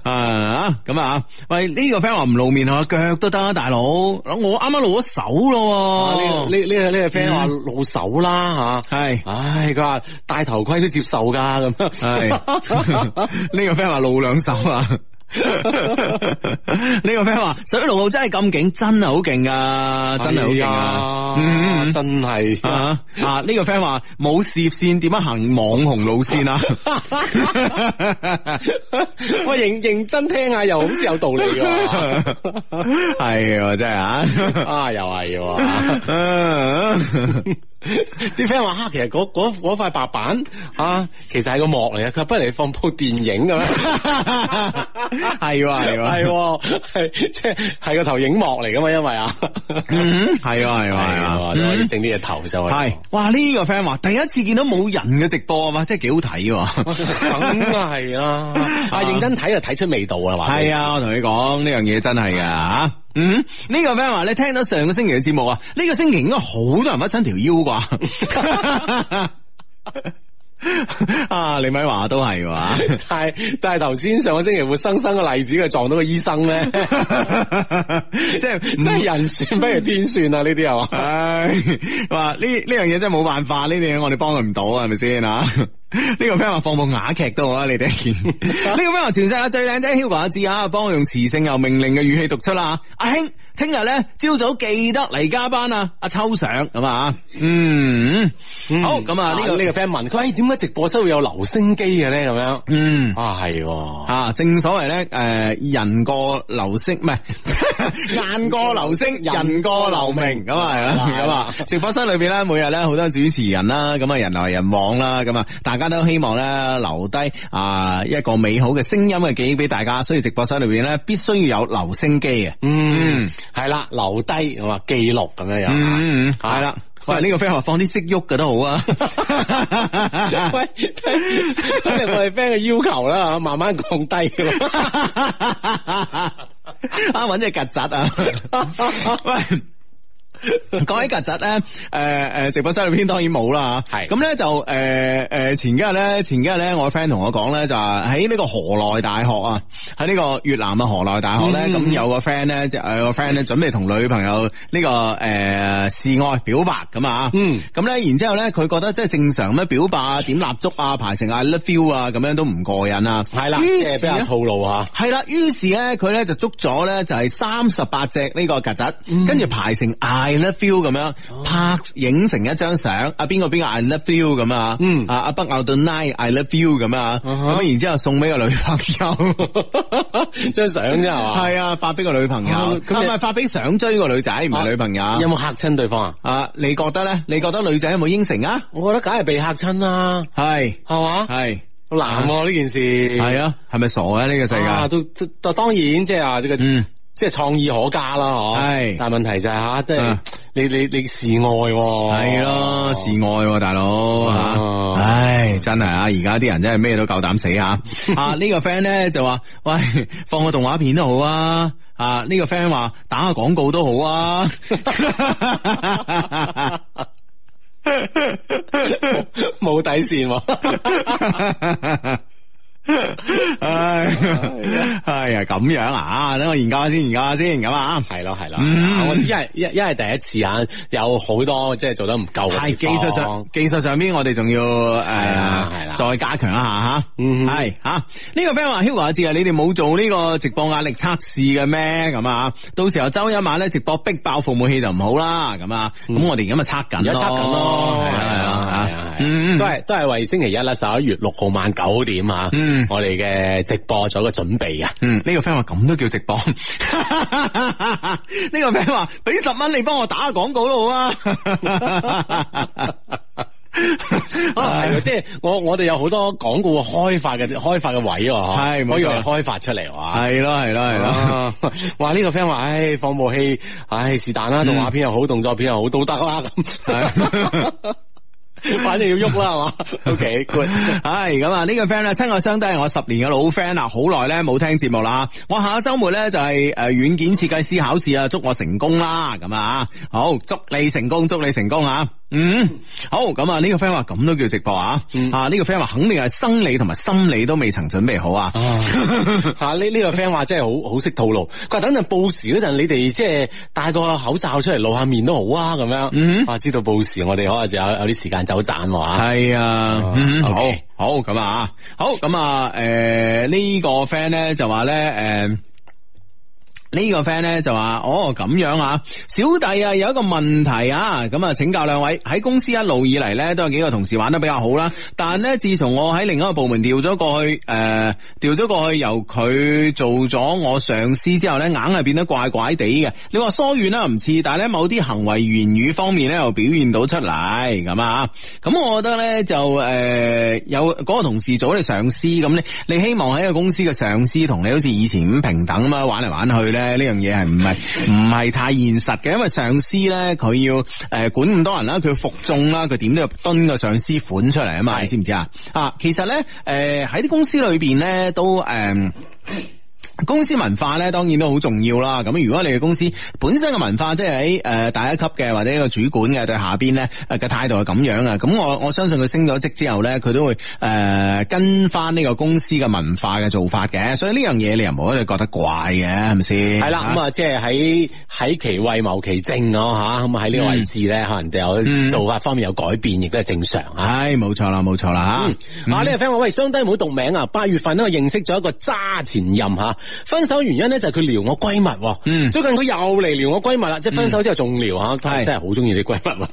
啊咁啊！喂，呢、這個 friend 話唔露面嗬，腳都得，啊大佬。我啱啱露咗手咯。呢呢呢個、這個、friend 話露手啦吓。係、嗯，唉、啊，佢話戴頭盔都接受噶，咁呢個 friend 話露兩手啊。呢 個 friend 話十一路真係咁勁，真係好勁啊，真係好勁啊，哎、嗯嗯真係啊，啊。呢、這個 friend 話冇事業線點樣行網紅路線啊？ 我認認真聽下，又好似有道理喎。係真係啊， 哎、真係啊， 啊，又係。 啲 friend 話吓，其實嗰塊白板啊，其實係個幕嚟嘅，佢不如放部電影咁樣。係 嘛、啊，係、啊，係即係個投影幕嚟噶嘛，因為啊，係、 嗯、啊，係啊，可以整啲嘢投上去。係、啊，哇、啊！呢、嗯啊這個 friend 話，第一次見到冇人嘅直播啊嘛，真係幾好睇、啊。梗 係是啊， 啊，啊認真睇就睇出味道啊嘛。係啊，我同你講呢樣嘢真係啊。 嗯，呢、這個咩話你聽到上個星期嘅節目啊，呢、這個星期應該好多人屈親條腰啩。 啊，你咪話都係話，但係但係頭先上個星期活生生個例子，佢撞到個醫生咧， 即係即係人算不如天算啊！呢啲又，唉， 話呢呢樣嘢真係冇辦法，呢啲嘢我哋幫佢唔到啊，係咪先啊？呢、這個 friend 話放部啞劇都好啊，你哋呢、這個 friend 話全世界最靚仔 Hugo 一枝啊，幫我用磁性又命令嘅語氣讀出啦，阿興。聽日咧，朝早記得嚟加班啊！阿秋想咁啊，嗯，好咁啊，呢個呢個 friend 問佢：喂，點解直播室會有留聲機嘅咧？咁樣，嗯啊，係啊，正所謂咧，誒，人過留聲，唔係雁過留聲，人過留名咁啊，係啦，咁啊，直播室裏邊咧，每日咧，好多主持人啦，咁啊，人來人往啦，咁啊，大家都希望咧留低啊一個美好嘅聲音嘅記憶俾大家，所以直播室裏邊咧，必須要有留聲機啊，嗯。係啦，留低咁啊，記錄咁樣樣。嗯，係啦。我哋呢個 friend 話放啲識喐嘅都好啊。喂，咁係，這個啊、 我哋 friend 嘅要求啦。慢慢降低。啱揾隻曱甴啊！甲甲啊 喂。講起曱甴咧，誒、呃、誒，直播室裏邊當然冇啦。係咁咧就誒誒、呃，前幾日咧，前幾日咧，我 friend 同我講咧，就係喺呢個河內大學啊，喺呢個越南嘅河內大學咧，咁有個 friend 咧，有個 friend 咧，準備同女朋友呢個誒、呃、示愛表白咁啊。嗯。咁咧，然之後咧，佢覺得即係正常咩表白啊，點蠟燭啊，排成 I love you 啊，咁樣都唔過癮啊。係啦，即係俾人套路啊，係啦，於是咧，佢咧就捉咗咧，就係三十八隻呢個曱甴，跟住排成 I。I love you 咁樣拍影成一張相，啊邊個邊個 I love you 咁啊、嗯、啊 night, you, 樣，嗯，啊阿北牛到 i t I love you 咁啊，咁然之後送俾個女朋友張相啫係嘛，係啊，發俾個女朋友，係、嗯、咪、 嗯啊、發俾想追個女仔唔係女朋友？有冇嚇親對方啊？啊你覺得咧？你覺得女仔有冇應承啊？我覺得梗係被嚇親啦，係係嘛，係好難呢件事，係啊，係咪傻啊呢、這個世界？啊、都都當然即係啊，呢、就、個、是、嗯。即係創意可嘉啦，嗬！但係問題就係、是、吓，即係你你你示愛係咯，示愛大佬吓，唉，真係啊！而家啲人真係咩都夠膽死啊！啊，哎啊啊 啊這個、呢個 friend 咧就話喂，放個動畫片都好啊！啊、呢、這個 friend 話打下廣告都好啊！冇 底線、啊。 唉，係啊，咁樣啊，等我研究一下先，研究一下先，咁啊，係咯，係囉。嗯、我只係第一次啊，有好多即係做得唔夠，係技術上，技術上面我哋仲要誒，係、呃、啦，再加強一下吓，係吓，呢個咩話？Hugo 阿志啊，這個、你哋冇做呢個直播壓力測試嘅咩？咁啊，到時候周一晚咧直播逼爆服務器就唔好啦，咁啊，咁我哋而家咪測緊咯，有測緊咯，係啊，係啊，係啊，嗯,在在在在嗯，都係都係為星期一啦，十一月六號晚九點啊。嗯、我哋嘅直播做一個準備啊。嗯，呢、這個 friend 話咁都叫直播。呢 個 friend 話俾十蚊你幫我打個廣告都好啊。即 係、 哎、我我哋有好多廣告的開發嘅開發嘅位置，哎，可以嚟開發出嚟哇。係咯，係咯，係咯。話，呢 個 friend 話，唉、哎，放部戲，唉、哎，是但啦，動畫片又好，動作片又好，都得啦咁。 哎 反 正要喐動啦，係嘛？OK，good，係咁啊！呢個 friend 啊，親愛相低係我十年嘅老 friend 啊。好耐咧冇聽節目啦。我下個周末咧就係誒軟件設計師考試啊，祝我成功啦！咁啊，好，祝你成功，祝你成功啊！嗯、mm-hmm.，好咁啊！呢個 friend 話咁都叫直播啊，mm-hmm. 啊呢、這個 friend 話肯定係生理同埋心理都未曾準備好啊，吓呢呢個 friend 話真係好好識套路，佢 話等陣報時嗰陣你哋即係戴個口罩出嚟露一下面都好啊，咁樣，嗯、mm-hmm. 啊，啊知道報時我哋可能就有有啲時間走盞喎吓，係啊，嗯、啊 mm-hmm. okay. 好，好咁啊，好咁啊，誒、呃這個、呢個 friend 咧就話咧，誒、呃。呢、這個 friend 咧就話哦咁樣啊，小弟啊有一個問題啊，咁啊請教兩位喺公司一路以嚟，咧都有幾個同事玩得比較好啦，但咧自從我喺另一個部門調咗過去，誒、呃、調咗過去由佢做咗我上司之後咧，硬係變得怪怪哋嘅。你話疏遠啦唔似，但係咧某啲行為言語方面咧又表現到出嚟，咁啊。咁我覺得咧就誒、呃、有嗰個同事做你上司咁咧，你希望喺個公司嘅上司同你好似以前咁平等啊玩嚟玩去咧？誒，呢樣嘢係唔係唔係太現實嘅？因為上司咧，佢要誒管咁多人啦，佢要服眾啦，佢點都要蹲個上司款出嚟啊嘛，你知唔知啊？啊，其實咧，誒喺啲公司裏邊咧，都誒。公司文化咧，當然都好重要啦。咁如果你嘅公司本身嘅文化，即係喺誒，第一級嘅或者一個主管嘅對下邊咧誒嘅態度係咁樣啊，咁我我相信佢升咗職之後咧，佢都會誒跟翻呢個公司嘅文化嘅做法嘅。所以呢樣嘢你又唔好去覺得怪嘅，係咪先？係啦，咁、嗯、啊，即係喺喺其位謀其政咯，吓咁啊喺呢個位置咧，可能就有做法方面有改變，亦都係正常吓，冇錯啦，冇錯啦吓。啊呢個 friend 我喂，相低唔好讀名啊，八月份咧我認識咗一個揸前任吓。分手原因咧就係佢撩我閨蜜，最近佢又嚟撩我閨蜜啦，即、就、係、是、分手之後仲撩吓，嗯、真係好中意啲閨蜜。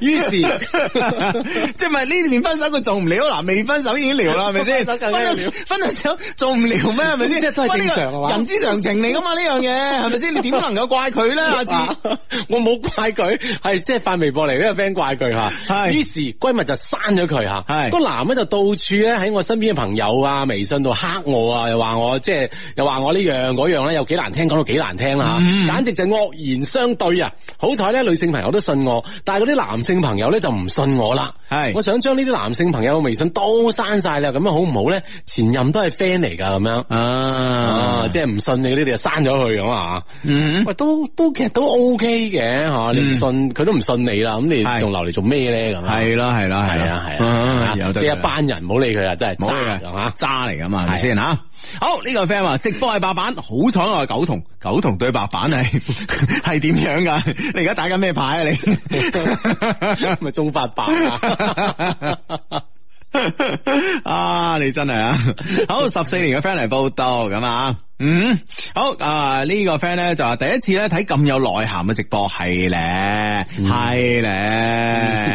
於是， 於是 即係咪呢邊分手佢仲唔撩嗱？未分手已經撩啦，係咪先？分咗分手仲唔撩咩？係咪先？是是 即係都係正常係、這個、人之常情嚟噶嘛？呢樣嘢係咪先？你點能夠怪佢咧？ 我冇怪佢，係即係發微博嚟呢個 friend 怪佢吓。於是閨蜜就刪咗佢吓。個、那個男咧就到處咧喺我身邊嘅朋友啊、微信度黑我。又話我即係、就是、又話我呢樣嗰樣咧，又幾難聽，講到幾難聽啦、mm-hmm. 簡直就惡言相對啊！好彩咧，女性朋友都信我，但係嗰啲男性朋友咧就唔信我啦。係，我想將呢啲男性朋友嘅微信都刪晒啦，咁樣好唔好咧？前任都係 friend 嚟噶，咁樣啊即係唔信你，你哋刪咗佢咁啊？喂、啊，都都其實都 OK 嘅吓，你唔信佢都唔信你啦，咁你仲留嚟做咩咧？咁係啦，係啦，係啦，係啊，即係一班人唔好理佢啊，真係渣嚟噶嘛，先啊！好呢、呢個 friend 話，直播係白板，好彩我係九同，九同對白板係係點樣噶？你而家打緊咩牌啊？你 咪 中發白啊， 啊！你真係啊！好十四年嘅 friend 嚟報道，咁啊。嗯，好啊！呢、這個 friend 咧就話第一次咧睇咁有內涵嘅直播係咧，係咧，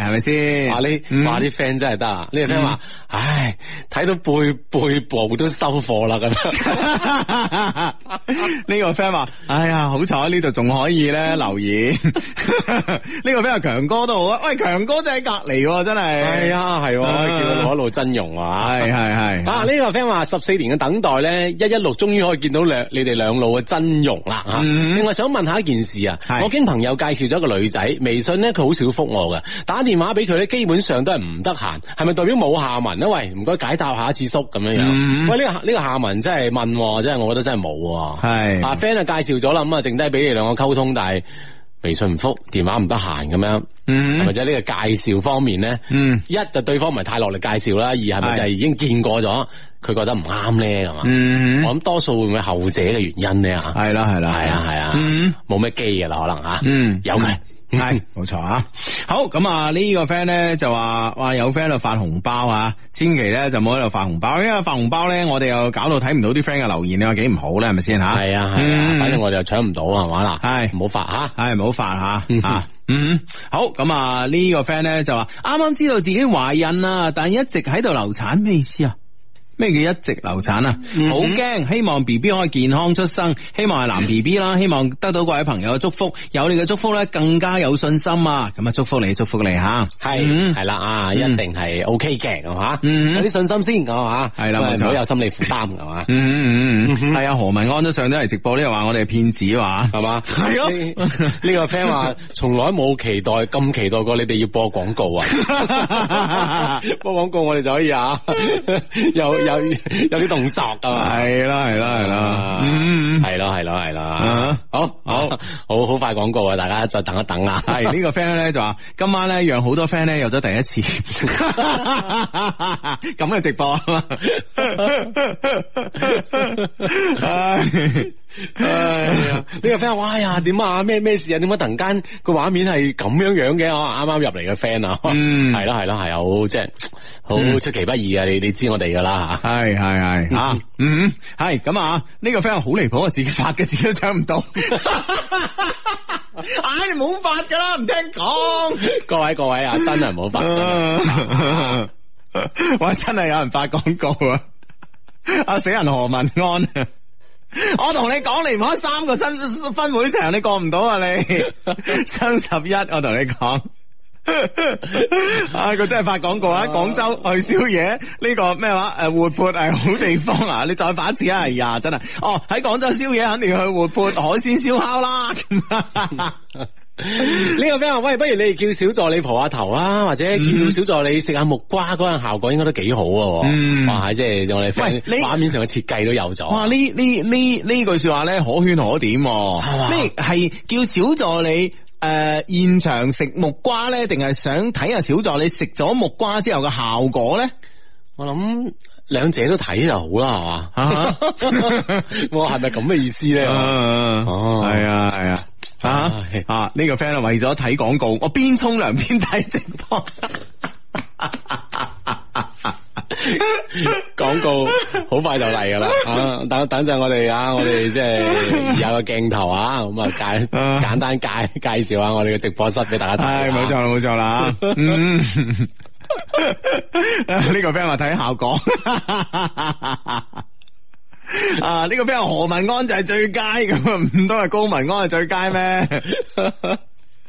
係咪先？話啲話啲 friend 真係得，啊呢、這個 friend 話、嗯，唉，睇到背背部都收貨啦，咁呢個 friend 話，哎呀，好彩呢度仲可以咧留言。呢 個 friend 係強哥度啊，喂，強哥就喺隔籬，真係。係、哎、啊，係，見到我一路真容啊，係係係。啊，呢、啊啊這個 friend 話十四年嘅等待咧，一一六終於可以見到。到兩你哋兩路嘅真容啦，吓、嗯，另外想問下一件事啊，我經朋友介紹咗一個女仔，微信咧佢好少復我嘅，打電話俾佢咧基本上都係唔得閒，係咪代表冇下文咧？喂，唔該解答下，一次叔咁樣樣，喂呢個呢個下文真係問，真係我覺得真係冇，係阿 friend 啊，啊介紹咗啦，咁啊剩低俾你兩個溝通，但係。微信唔覆，電話唔得閒咁樣，或者呢個介紹方面咧，mm-hmm. 一就對方唔係太落力介紹啦，二係咪就係已經見過咗，佢、mm-hmm. 覺得唔啱咧，咁嘛？我諗多數會唔會後者嘅原因咧？吓，係啦係啦，係啊係啊，冇咩機嘅啦，可能吓，mm-hmm. 有嘅。係冇錯啊，好咁啊呢個 friend 咧就話話有 friend 喺度發紅包啊，千祈咧就唔好喺度發紅包，因為發紅包咧我哋又搞到睇唔到啲 friend 嘅留言，你話幾唔好咧係咪先吓？係啊係啊，啊嗯、反正我又搶 就搶唔到係嘛嗱。係唔好發吓，係唔好發吓啊，嗯好咁啊呢個 friend 咧就話啱啱知道自己懷孕啦，但係一直喺度流產咩意思啊？咩叫一直流產啊？好、mm-hmm. 驚，希望 B B 可以健康出生，希望係男 B B 啦，mm-hmm. 希望得到各位朋友嘅祝福，有你嘅祝福咧，更加有信心啊！咁啊，祝福你，祝福你吓，係係啦啊，一定係 O K 嘅，係嘛，有啲信心先，係嘛，係啦，唔好有心理負擔，係嘛，係啊，何文安都上咗嚟直播，呢又話我哋係騙子話，係嘛，係咯，呢 個 friend 話從來冇期待咁期待過，你哋要播廣告啊， 播廣告我哋就可以啊， 又。有有啲動作㗎嘛？係啦係啦係啦，係咯係咯係咯，好好好好快廣告啊！大家再等一等啊！係 呢、這個 friend 咧就話今晚咧讓好多 friend 咧有咗第一次咁嘅 直播啊！嘛、 哎？呢、這個 friend 話哎呀點啊咩咩事啊點解突然間個畫面係咁樣樣嘅，我啱啱入嚟嘅 friend 啊，係啦係啦係好即係好出其不意啊！你你知我哋㗎啦係係係啊，嗯，係咁啊，呢、這個 friend 好離譜啊，自己發嘅字都搶唔到，唉、 啊，你唔好發噶啦，唔聽講，各位各位啊，啊啊真係唔好發，我真係有人發廣告啊，阿、啊、死人何文安，我同你講，你唔開三個新分會場，你過唔到啊你，雙十一我同你講。 啊！佢真係發廣告啊！廣州愛宵夜呢個咩話？誒，活潑係好地方啊！你再反一次啊！哎呀，真係哦！喺廣州宵夜肯定去活潑海鮮燒烤啦。呢個咩話？喂，不如你哋叫小助理蒲下頭啊，或者叫小助理食下木瓜嗰陣效果應該都幾好啊、嗯！哇，即係我哋畫面上嘅設計都有咗。哇！呢呢呢呢句說話咧可圈可點，呢、嗯、係叫小助理？誒、呃，現場食木瓜咧，定係想睇下小助你食咗木瓜之後嘅效果咧？我諗兩者都睇就好啦，係、啊、嘛？我係咪咁嘅意思咧？哦，係啊，係啊，啊啊，呢個 friend 為咗睇廣告，我邊沖涼邊睇直播。廣 告好快就嚟噶啦，等等陣我哋啊，我哋即係有個鏡頭啊，咁啊簡簡單介介紹下我哋嘅直播室俾大家睇。冇錯，冇錯啦，呢個 friend 話睇下效果， 嗯、 啊，呢、這個 friend 何文安就係最佳咁，唔都係高文安係最佳咩？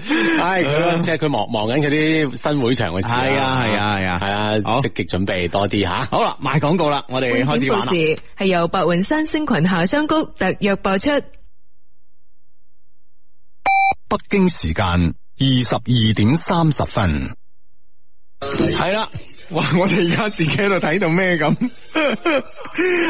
係佢即係佢忙忙緊佢啲新會場嘅事，係啊係啊係啊係啊，積、嗯、極、啊啊啊啊啊啊、準備多啲吓、啊。好啦，賣廣告啦，我哋開始玩事，係由白雲山星群夏桑菊特約播出。北京時間二十二點三十分。係啦、啊。哇！我哋而家自己喺度睇到咩咁？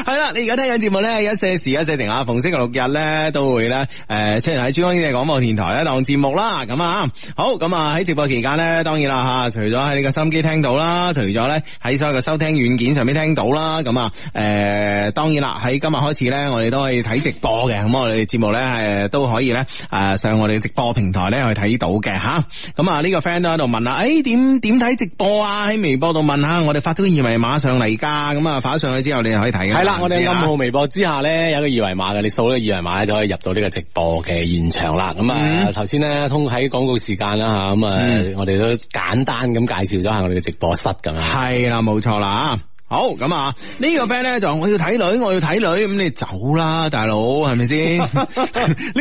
係 啦，你而家聽緊節目咧，一些事一些情啊，逢星期六日咧都會咧誒，出現喺珠江經濟廣播電台咧當節目啦。咁啊，好咁啊，喺直播期間咧，當然啦吓，除咗喺你個收音機聽到啦，除咗咧喺所有嘅收聽軟件上面聽到啦，咁啊誒、呃，當然啦，喺今日開始咧，我哋都可以睇直播嘅。咁我哋節目咧係都可以咧誒上我哋直播平台咧去睇到嘅吓。咁啊呢、這個 friend 都喺度問啦，誒點點睇直播啊？喺微博度。問下我，我哋發咗個二維碼上嚟㗎，咁啊，發咗上去之後你就可以睇。係啦，我哋暗號微博之下咧有個個二維碼嘅，你掃咗二維碼就可以入到呢個直播嘅現場啦。咁啊頭先咧通喺廣告時間啦吓，咁啊我哋都簡單咁介紹咗下我哋嘅直播室咁啊。係、嗯、啦，冇錯啦。好咁啊！呢個 friend 咧就我要睇女，我要睇女，咁你走啦，大佬係咪先？呢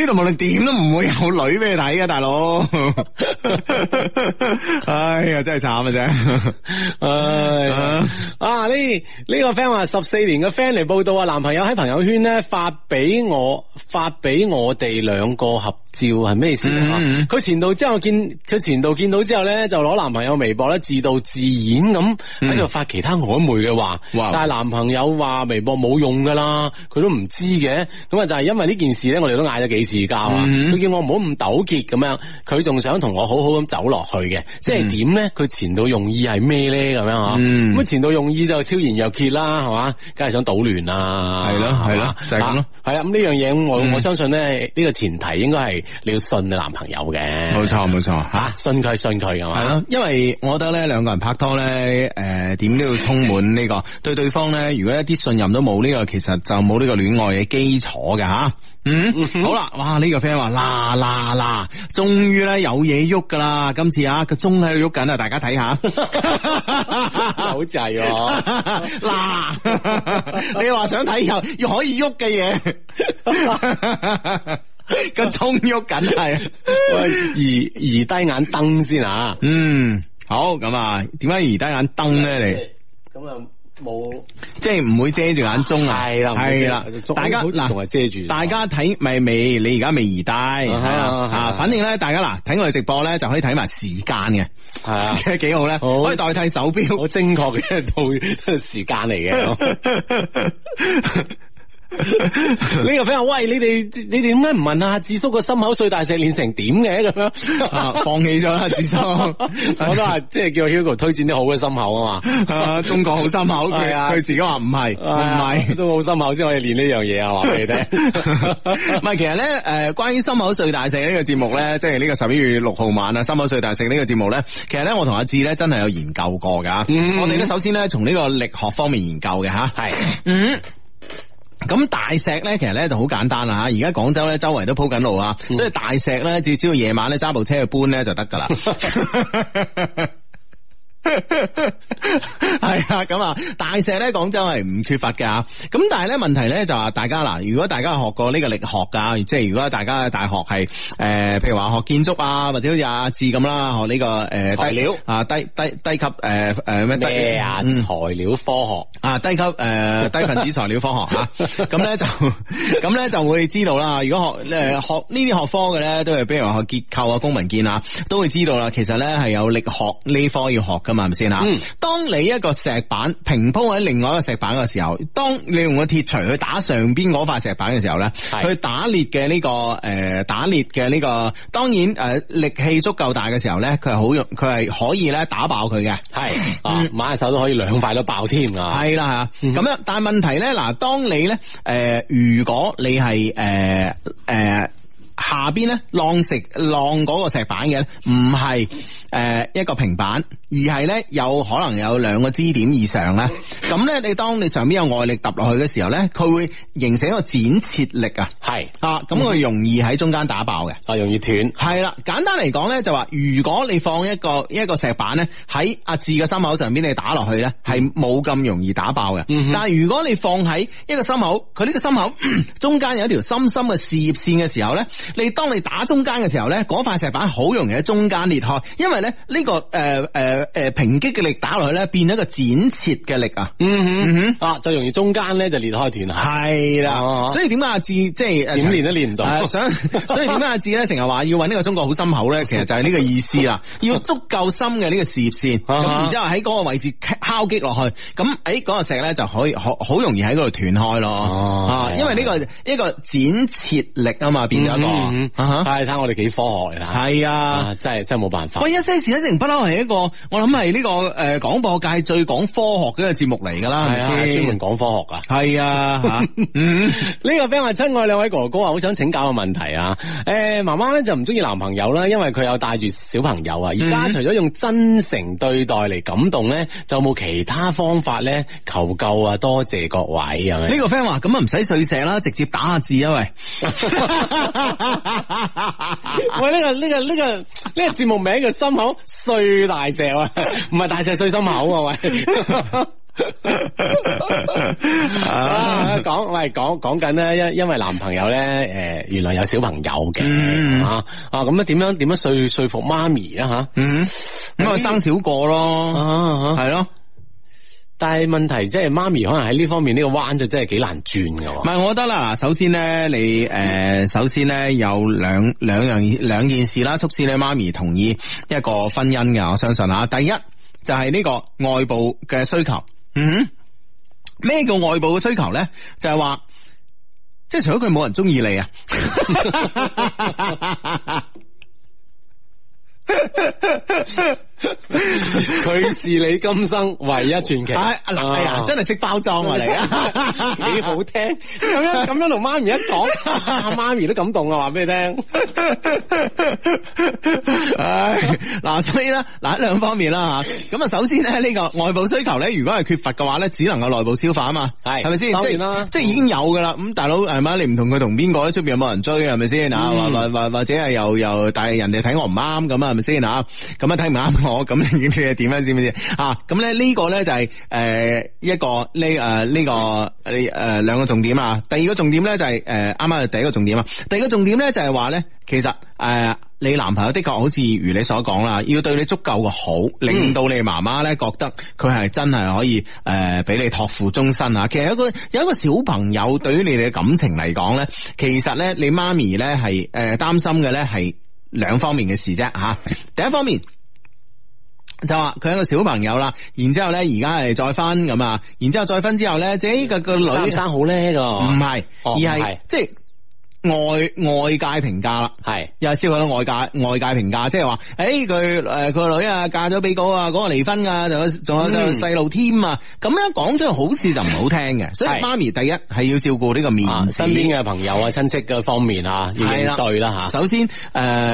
度 無論點都唔會有女俾你睇嘅，大佬。哎 呀，真係慘啊！啫，唉，啊呢呢、啊啊這個 friend 話十四年嘅 friend 嚟報道啊，男朋友喺朋友圈咧發俾我，發俾我哋兩個合照係咩事啊？佢、嗯、前度之後見，佢前度見到之後咧就攞男朋友微博咧自導自演咁喺度發其他曖昧嘅。話，但係男朋友話微博冇用噶啦，佢都唔知嘅，咁啊就係因為呢件事咧，我哋都嗌咗幾次交啊，佢、嗯、叫我唔好咁糾結咁樣，佢仲想同我好好咁走落去嘅、嗯，即係點咧？佢前度用意係咩咧？咁樣嗬，咁啊前度用意就昭然若揭啦，係嘛，梗係想搗亂啊，係咯係咯，就係咁咯，係啊，咁呢樣嘢我我相信咧，呢個前提應該係你要信你男朋友嘅，冇錯冇錯，吓信佢信佢咁啊，係咯，因為我覺得咧兩個人拍拖咧，誒點都要充滿呢。對對對方咧，如果一啲信任都冇呢個，其實就冇呢個戀愛嘅基礎嘅吓。啊、嗯，好啦，哇呢個 friend 話啦啦啦，終於咧有嘢喐噶啦，今次啊個鐘喺度喐緊啊，大家睇下，好滯喎。嗱，你話想睇又要可以喐嘅嘢，個鐘喐緊係移移低眼燈先啊。嗯，好咁啊，點解移低眼燈咧你？咁啊。冇，即係唔會遮住眼中啊！係啦，係啦，大家嗱，仲係遮住，大家睇咪未？你而、啊、家未移帶係啊？啊，反正咧，大家嗱睇我哋直播咧，就可以睇埋時間嘅，係啊，幾好咧，可以代替手表，好精確嘅一套時間嚟嘅。 呢 個 friend 喂，你哋你哋點解唔問阿智叔個、 啊啊啊啊、 心口碎大石練成點嘅？咁樣放棄咗阿智叔。我都話，即係叫 Hugo 推薦啲好嘅心口啊嘛。中國好心口，佢佢自己話唔係唔係，中國好心口先可以練呢樣嘢啊！話俾你聽。唔係，其實咧，誒，關於心口碎大石呢個節目咧，即係呢個十一月六號晚啊，心口碎大石呢個節目咧，其實咧，我同阿志咧真係有研究過噶、嗯。我哋咧首先咧從呢個力學方面研究嘅吓，係嗯。咁大石咧，其實咧就好簡單啦吓，而家廣州咧周圍都鋪緊路啊，所以大石咧只要到夜晚咧揸部車去搬咧就得噶啦。係 啊，咁啊，大石咧，廣州係唔缺乏㗎。咁但係咧，問題咧就話大家嗱，如果大家學過呢個力學噶，即係如果大家大學係誒、呃，譬如話學建築啊，或者好似阿志咁啦，學呢、這個誒材料啊低低低，低級誒誒咩嘢材料科學啊低級誒、呃、低分子材料科學 啊，咁咧、呃 啊、就咁咧就會知道啦。如果學誒學呢啲學科嘅咧，都係比如話學結構啊、公民建啊，都會知道啦。其實咧係有力學呢科要學噶。係咪先吓？當你一個石板平鋪喺另外一個石板嘅時候，當你用個鐵錘去打上邊嗰塊石板嘅時候咧，去打裂嘅呢、這個誒、呃，打裂嘅呢、這個，當然誒、呃、力氣足夠大嘅時候咧，佢係好用，佢係可以咧打爆佢嘅。係啊，馬、嗯啊、手都可以兩塊都爆添 啊。係啦，咁樣，但係問題咧，嗱，當你咧誒、呃，如果你係誒誒。呃呃下邊咧浪石浪嗰個石板嘅唔係誒一個平板，而係咧有可能有兩個支點以上咧。咁咧你當你上邊有外力揼落去嘅時候咧，佢會形成一個剪切力啊。係啊，咁佢容易喺中間打爆嘅。啊，容易斷。係啦，簡單嚟講咧就話，如果你放一個一個石板咧喺阿志嘅心口上邊你打落去咧，係冇咁容易打爆嘅，嗯。但係如果你放喺一個心口，佢呢個心口 中間有一條深深嘅事業線嘅時候咧。你當你打中間嘅時候咧，嗰塊石板好容易喺中間裂開，因為咧、這、呢個誒誒誒平擊嘅力打落去咧，變成一個剪切嘅力啊、嗯，嗯哼，啊，就容易中間咧就裂開斷啦。係啦、嗯，所以、就是、點解阿志即係點練都練唔到，想、呃、所以點解阿志咧成日話要搵呢 個中國好深厚咧，其實就係呢個意思啦， 要足夠深嘅呢個事業線，咁、嗯、然之後喺嗰個位置敲擊落去，咁誒嗰個石咧就可以好好容易喺嗰度斷開咯、嗯，因為呢、這個一、這個剪切力啊嘛，變咗一個。嗯哦、嗯啊，睇睇我哋幾科學嚟吓，係啊，啊，真係真係冇辦法。喂，一些事一成不嬲係一個，我諗係呢個誒廣、呃、播界最講科學嘅一個節目嚟噶啦，係啊，先專門講科學係啊？係啊呢、 嗯這個 friend 話，親愛兩位哥哥啊，好想請教個問題啊。誒、欸，媽媽咧就唔中意男朋友啦，因為佢有帶住小朋友啊。而家除咗用真誠對待嚟感動咧，就、嗯、冇其他方法咧，求救啊！多謝，謝各位咁呢個 friend 話咁啊，唔、這、使、個、碎石啦，直接打下字因、啊、為。喂 喂，呢個呢個呢個呢個節目名叫心口碎大石啊，唔係大石碎心口啊，喂。啊，講喂，講講緊咧，因因為男朋友咧，誒，原來有小朋友嘅，吓啊，咁咧點樣點樣說說服媽咪啊，吓，嗯，咁啊生少個咯，係咯。但係問題即係媽咪可能喺呢方面呢個彎就真係幾難轉嘅。唔係我覺得啦，首先咧你誒、呃，首先咧有兩兩樣兩件事啦，促使你媽咪同意一個婚姻嘅，我相信啊。第一就係、是、呢個外部嘅需求。嗯哼，咩叫外部嘅需求咧？就係、是、話，即、就、係、是、除咗佢冇人中意你啊。 佢 是你今生唯一傳奇。嗱，哎，阿啊，哎，真係識包裝你啊，幾好聽。咁樣咁樣，同媽咪一講，阿媽咪都感動啊，話俾你聽。 哎，嗱，所以咧，嗱，兩方面啦吓。咁啊，首先咧，呢，呢個外部需求咧，如果係缺乏嘅話咧，只能夠內部消化啊嘛。係，係咪先？即係已經有噶啦。咁大佬，係嘛？你唔同佢同邊個？出邊有冇人追？係咪先啊？或或或者係又又，但係人哋睇我唔啱咁啊？係咪先啊？咁啊睇唔啱。我 咁你啲嘢點啊？知唔知啊？咁咧呢個咧就係誒一個呢誒呢個誒誒、呃、兩個重點啊。第二個重點咧就係誒啱啱嘅第一個重點啊。第二個重點咧就係話咧，其實誒、呃、你男朋友的確好似如你所講啦，要對你足夠嘅好，令到你媽媽咧覺得佢係真係可以誒俾、呃、你託付終身啊。其實一個有一個小朋友對於你哋嘅感情嚟講咧，其實咧你媽咪咧係誒擔心嘅咧係兩方面嘅事啫吓、啊。第一方面。就話佢係一個小朋友啦，然之後咧而家係再婚咁啊，然之後再婚之後咧，即係個個女生好叻個，唔係、哦，而係即係。外外界評價啦，係又係超過咗外界外界評價，即係話誒佢誒佢個女啊嫁咗俾嗰個嗰個離婚啊，仲有仲、嗯、有生細路添啊！咁樣講出嚟好似就唔好聽嘅，所以媽咪第一係要照顧呢個面子，啊、身邊嘅朋友啊、親戚嘅方面要啊要面對啦吓。首先誒，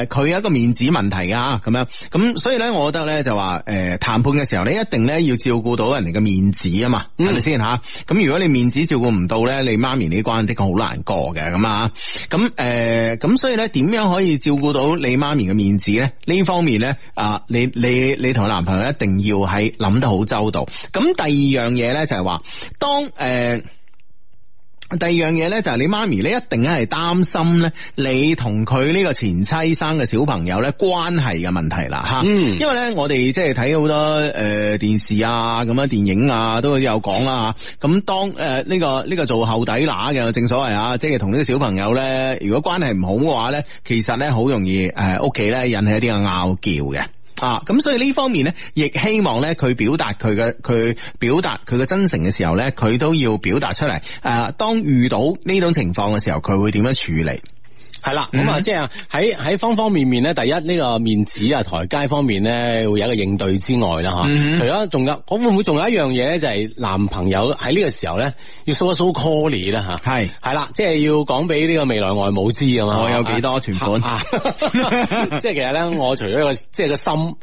佢、呃、有一個面子問題啊，咁樣咁所以咧，我覺得咧就話誒談判嘅時候你一定咧要照顧到人哋嘅面子、嗯、啊嘛，係咪先吓？咁如果你面子照顧唔到咧，你媽咪呢關的確好難過嘅咁啊。咁、嗯、誒，咁、嗯、所以咧，點樣可以照顧到你媽咪嘅面子咧？呢方面咧，啊，你你你同男朋友一定要係諗得好周到。咁、嗯、第二樣嘢咧，就係話當誒。嗯第二樣嘢咧，就係你媽咪咧，一定係擔心咧，你同佢呢個前妻生嘅小朋友咧關係嘅問題啦，吓。嗯。因為咧，我哋即係睇好多誒電視啊，咁啊電影啊，都有講啦吓。咁當誒呢個呢個做後底乸嘅，正所謂啊，即係同呢個小朋友咧，如果關係唔好嘅話咧，其實咧好容易誒屋企咧引起一啲嘅拗撬嘅。啊，咁所以呢方面咧，亦希望咧，佢表達佢嘅，佢表達佢嘅真誠嘅時候咧，佢都要表達出嚟。誒，當遇到呢種情況嘅時候，佢會點樣處理？係啦，咁啊，即係喺喺方方面面咧，第一呢個面子啊台階方面咧，會有一個應對之外啦，吓、mm-hmm.。除咗仲有，我會唔會仲有一樣嘢咧？就係、是、男朋友喺呢個時候咧，要 show 一 show callie 啦、mm-hmm.，吓。係係啦，即係要講俾呢個未來外母知啊嘛。我有幾多存款啊？ 即係其實咧，我除咗一個即係、就是、個心。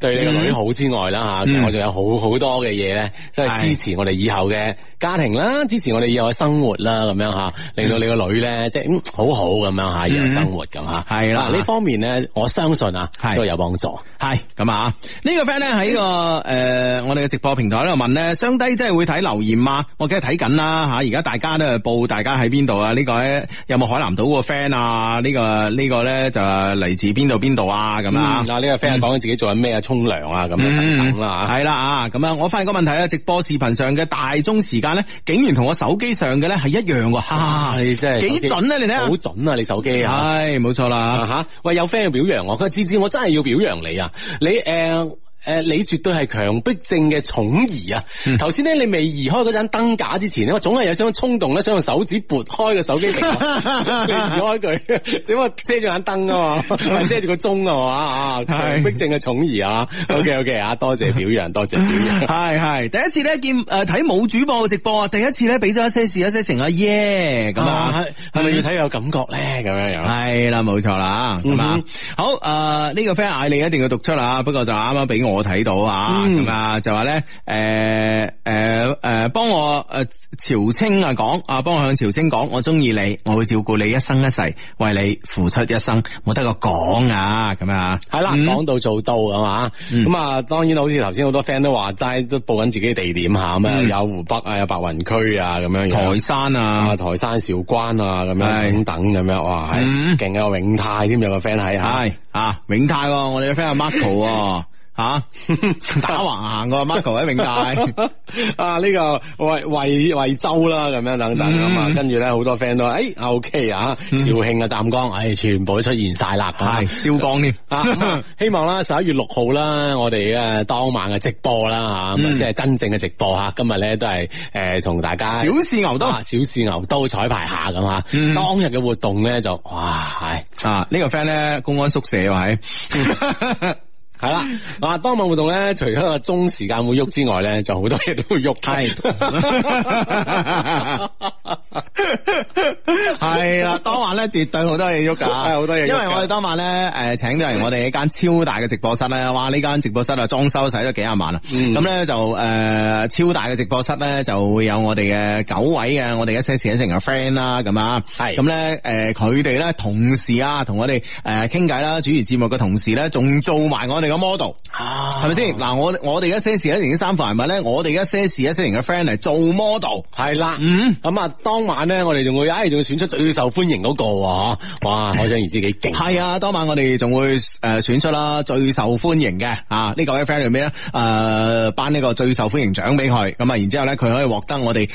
對你個女好之外啦吓、嗯，我仲有好好多嘅嘢咧，即係支持我哋以後嘅家庭啦，支持我哋以後嘅生活啦，咁樣吓，令到你個女咧、嗯、即係好好咁樣吓，以後生活咁吓，係啦呢方面咧、嗯，我相信啊，都有幫助，係咁啊。呢、這個 friend 咧喺、這個誒、呃、我哋嘅直播平台度問咧，雙低即係會睇留言啊，我梗係睇緊啦吓，而家大家都係報大家喺邊度啊，呢、這個咧有冇海南島個 friend 啊？呢個呢個咧就嚟自邊度邊度啊？咁啊，呢個 friend 講緊自己做緊咩啊？嗯沖涼啊，咁等等啦，係啦啊咁啊！我發現個問題啊，直播視頻上嘅大鐘時間咧，竟然同我手機上嘅咧係一樣喎！吓，你真係幾準啊！你睇好準啊！你手機、哎、啊，係冇錯啦吓！喂，有 friend 要表揚我，佢知知我真係要表揚你啊！你誒。呃誒、呃，你絕對係強迫症嘅寵兒啊！頭先咧，你未移開嗰盞燈架之前咧，我總係有想衝動咧，想用手指撥開個手機、啊、 你移開佢，點解遮住眼燈啊？嘛，遮住個鐘啊？嘛啊！強迫症嘅寵兒啊！OK OK 啊， 多謝表揚，多謝表揚。係係，第一次咧見誒睇冇主播嘅直播啊，第一次咧俾咗一些事，一些情啊，耶！咁啊，係咪要睇有感覺咧？咁、嗯、樣樣、啊、係啦，冇錯啦，係、嗯、好誒，呢、呃這個 friend 嗌你一定要讀出啦，不過就啱啱俾我。我睇到啊，咁、嗯、啊就話咧，誒誒誒，幫、呃、我誒朝清啊講啊，幫我向朝清講，我中意你，我會照顧你一生一世，為你付出一生，冇得個講啊，咁啊，係、嗯、啦，講到做到係嘛，咁、嗯、啊，當然好似頭先好多 friend 都話齋，都報緊自己地點吓，咁、嗯、有湖北啊，有白雲區啊，咁樣，台山啊，嗯、台山韶關啊，咁樣等等咁樣，哇，勁有、嗯、永泰添，有個 friend 喺，係啊，永泰、啊，我哋嘅 friend 阿 Marco。 吓打橫行個 Marco 喺永大啊，呢、 啊這個惠惠惠州啦，咁樣等等啊跟住咧好多 friend 都，誒、哎、OK 啊，肇慶啊，湛江，唉、哎，全部都出現晒啦，係、嗯，韶江添，希望啦十一月六號啦，我哋嘅當晚嘅直播啦吓，咁先係真正嘅直播吓，今日咧都係誒同大家小試牛刀，啊、小試牛刀彩排下咁啊、嗯，當日嘅活動咧就哇，哎、啊呢、這個 friend 咧公安宿舍係。 係啦，嗱當晚活動咧，除咗個鐘時間會喐之外咧，就好多嘢都會喐。係，係 啦， 當晚咧絕對好多嘢喐噶，係好多嘢。因為我哋當晚咧，誒、呃，請到嚟我哋一間超大嘅直播室咧，哇！呢間直播室啊，裝修使咗幾廿萬啊，咁、嗯、咧就誒、呃、超大嘅直播室咧，就會有我哋嘅九位嘅我哋一些事一些情嘅 friend 啦，咁啊，係，咁咧誒佢哋咧同時啊，同我哋誒傾偈啦，主持節目嘅同時咧，仲做埋我哋。個 model 係咪先？嗱、啊啊，我我哋一些事一些情三份禮物咧，我哋一些事一些情嘅 friend 嚟做 model 係啦，嗯，咁啊當晚咧，我哋仲會唉，仲、啊、要選出最受歡迎嗰、那個，哇！哇可想而知幾勁係啊！當晚我哋仲會誒選出啦最受歡迎嘅啊呢個 friend 裏邊誒頒呢個最受歡迎獎俾佢，咁啊然之後咧佢可以獲得我哋誒、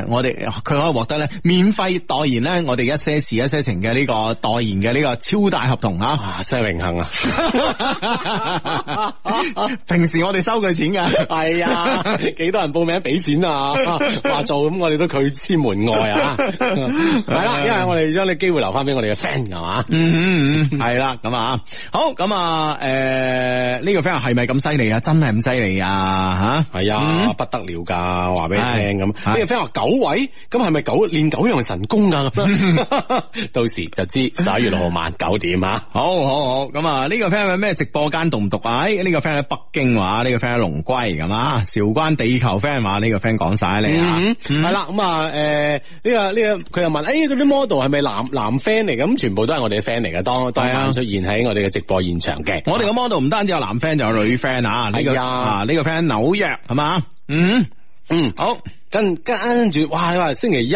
啊、我哋佢可以獲得咧免費代言咧我哋一些事一些情嘅呢個代言嘅呢個超大合同啊，啊，真係榮幸啊！ 平時我哋收佢錢噶，係啊，幾多人報名俾錢啊？話做咁，我哋都拒之門外 啊！係啦，因為我哋將啲機會留翻俾我哋嘅 friend 係嘛，係啦，咁、嗯嗯、啊，啊，好咁啊，誒、呃，呢、這個 friend 係咪咁犀利啊？真係咁犀利啊？吓、啊，係啊、嗯，不得了噶，話俾你聽咁。呢個 friend 話九位，咁係咪九練九樣神功啊？ 到時就知十一月六號晚九點啊！好好好，咁啊，呢個 friend 係咩直播間？讀唔讀啊？哎，呢、這個 friend 喺北京話，呢、這個 friend 喺龍龜咁啊，韶、嗯、關地球 friend 話，呢、這個 friend 講晒你啊。係、嗯、啦，咁啊，誒、嗯，呢、嗯嗯這個呢、這個佢又問，哎，嗰啲 model 係咪男男 friend 嚟嘅？咁全部都係我哋嘅 friend 嚟嘅，當、啊、當出現喺我哋嘅直播現場嘅、啊。我哋嘅 model 唔單止有男 friend，就有女 friend、嗯、啊。呢、這個呢、啊這個 friend 紐約係嘛？嗯嗯，好，跟跟住，哇，話星期一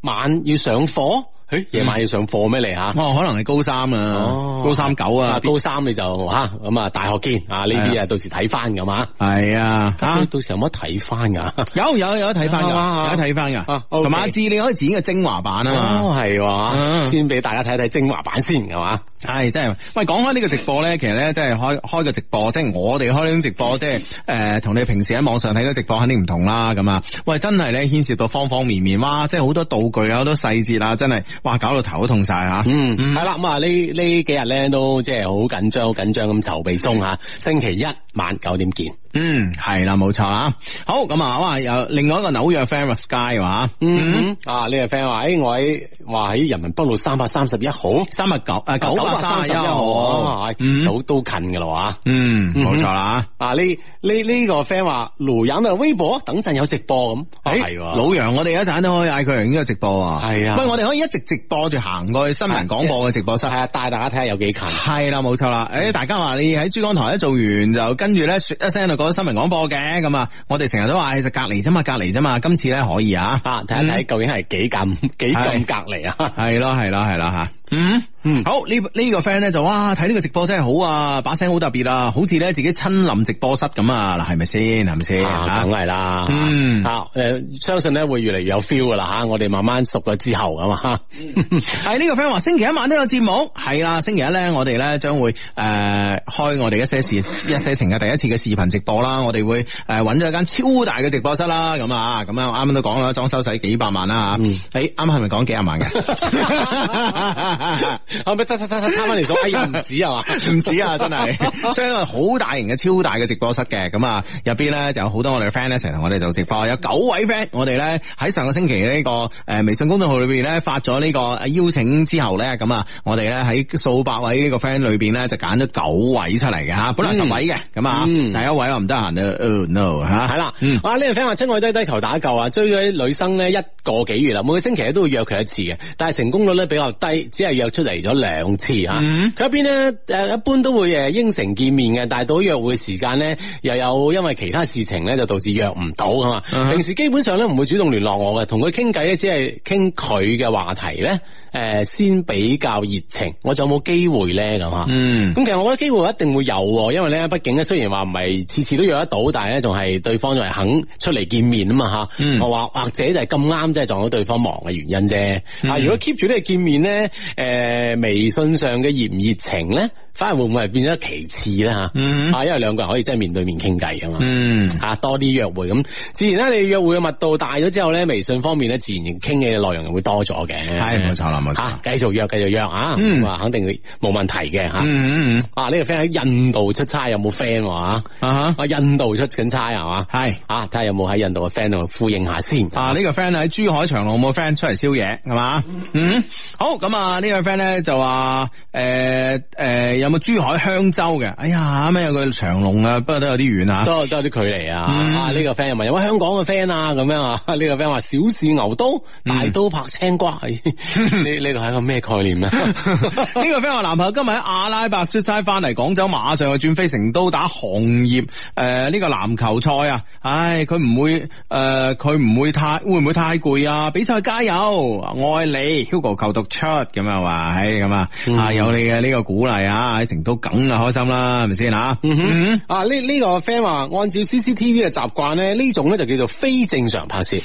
晚要上課。夜、欸、晚上要上課咩嚟吓？可能係高三啊、哦，高三九啊，高三你就吓咁啊，大學見啊，呢啲啊，啊，到時睇翻噶嘛，係啊，到時有冇得睇翻噶？有有有得睇翻噶，有得睇翻噶。同埋字你可以剪嘅精華版啊嘛、啊。哦，係、啊啊、先俾大家睇睇精華版先、啊，係、啊、嘛。係、哎、真係，喂，講開呢個直播咧，其實咧，即係開開個直播，即、就、係、是、我哋開呢種直播，即係誒，同、呃、你平時喺網上睇到直播肯定唔同啦，咁啊，喂，真係咧牽涉到方方面面，哇、啊，即係好多道具啊，好多細節啊，真係。哇！搞到頭都痛晒吓，嗯，係啦咁啊，呢呢幾日咧都即係好緊張，好緊張咁籌備中吓，星期一晚九點見。嗯，係啦，冇錯啦，好，咁啊，哇，有另外一個紐約 friend 話 sky 話、嗯，嗯，啊，呢個 friend 話，誒、哎，我喺話喺人民北路三百三十一號，三百九誒，九百三十一號，都都近㗎啦，哇，39, 931, 啊、嗯，冇錯啦，啊，呢呢呢個 friend 話，盧陽啊微博等陣有直播咁，係、啊啊，老楊，我哋一陣都可以嗌佢嚟呢個直播，係啊，喂，我哋可以一直直播住行過去新聞廣播嘅直播室，係啊，帶大家睇下有幾近，係啦，冇錯啦，誒、嗯，大家話你喺珠江台一做完，就跟住咧說一聲。個新聞廣播嘅。咁啊，我哋成日都話係就隔離啫嘛，隔離啫嘛，今次咧可以啊，睇一睇究竟係幾咁，幾咁隔離啊，係咯係囉，係啦吓。嗯、mm-hmm. 嗯，好呢呢個 friend 咧就話哇，睇呢個直播真係好啊，把聲好特別啦、啊，好似咧自己親臨直播室咁啊嗱，係咪先係咪先？梗係啦，嗯、啊、誒、mm-hmm. 啊呃，相信咧會越嚟越有 feel 噶啦吓，我哋慢慢熟咗之後咁嘛。係、啊、呢、mm-hmm. 個 friend 話星期一晚都有節目，係啦，星期一咧我哋咧將會誒、呃、開我哋一些事一些情嘅第一次嘅視頻直播啦，我哋會誒揾咗一間超大嘅直播室啦，咁啊咁啊，啱啱都講啦，裝修使幾百萬啦、啊、吓，誒啱係咪講幾廿萬嘅？ 啊！後屘，得得得得，攤翻嚟數。哎呀，唔止啊嘛，唔止啊，啊啊啊啊層層止止真係，將個好大型嘅超大嘅直播室嘅，咁啊，入邊咧就有好多我哋嘅 friend 咧成日同我哋做直播。有九位 friend，我哋咧喺上個星期呢個誒微信公眾號裏邊咧發咗呢個邀請之後咧，咁啊，我哋咧喺數百位呢個 friend 裏邊咧就揀咗九位出嚟嘅嚇，本嚟十位嘅，咁、嗯、啊，第一位話唔得閒啊，oh no 嚇，係啦，啊，呢位 friend 話：親、嗯、愛低低球打救啊，追咗啲女生咧一個幾月啦，每個星期都會約佢一次嘅，但係成功率咧比較低，只係。約出嚟咗兩次吓，佢、嗯、一邊咧誒，一般都會誒應承見面嘅，但係到約會時間咧，又有因為其他事情咧，就導致約唔到啊嘛、嗯。平時基本上咧唔會主動聯絡我嘅，同佢傾偈咧，只係傾佢嘅話題咧，誒先比較熱情。我仲有冇機會咧咁啊？嗯，咁其實我覺得機會一定會有，因為咧，畢竟咧，雖然話唔係次次都約得到，但係咧，仲係對方仲係肯出嚟見面啊嘛吓。我話或者就係咁啱，即係撞到對方忙嘅原因啫。啊、嗯，如果 keep 住呢個見面咧。誒微信上嘅熱唔熱情咧？反而會唔會變咗其次咧吓，啊、mm-hmm.，因為兩個人可以真係面對面傾偈噶嘛，啊、mm-hmm.，多啲約會咁，自然咧你約會嘅密度大咗之後咧，微信方面咧自然傾嘅內容又會多咗嘅。係冇錯啦，冇錯，繼續約繼續約啊，咁、mm-hmm. 肯定冇問題嘅吓，啊呢、mm-hmm. 啊這個 friend 喺印度出差有冇 friend 話啊、uh-huh. 啊印度出緊差係嘛，係啊，睇下有冇喺印度嘅 friend 度呼應下先，啊呢、這個 friend 喺珠海長隆有冇 friend 出嚟宵夜，係嘛，嗯、mm-hmm. 好，咁啊呢個 friend 咧就話誒誒。呃呃有冇珠海香洲嘅？哎呀，咩樣有個長隆啊，不過都有啲遠啊，都有都有啲距離啊。呢、嗯啊這個 friend 又有冇香港嘅 friend 啊？咁樣啊？呢個 friend 話：小試牛刀，大刀拍青瓜。呢呢個係一個咩概念啊？呢 個 friend 話：男朋友今日喺阿拉伯出差翻嚟廣州，馬上去轉飛成都打行業誒呢、呃這個籃球賽啊！唉、哎，佢唔會誒，佢、呃、唔會太會唔會太攰啊？比賽加油，愛你，Hugo 求讀出咁啊話，唉咁、哎、啊，有你嘅呢個鼓勵啊！喺成都梗啊開心啦，係咪先啊？嗯、啊呢呢、呢個 friend 話，按照 CCTV 嘅習慣咧，呢種咧就叫做非正常拍攝，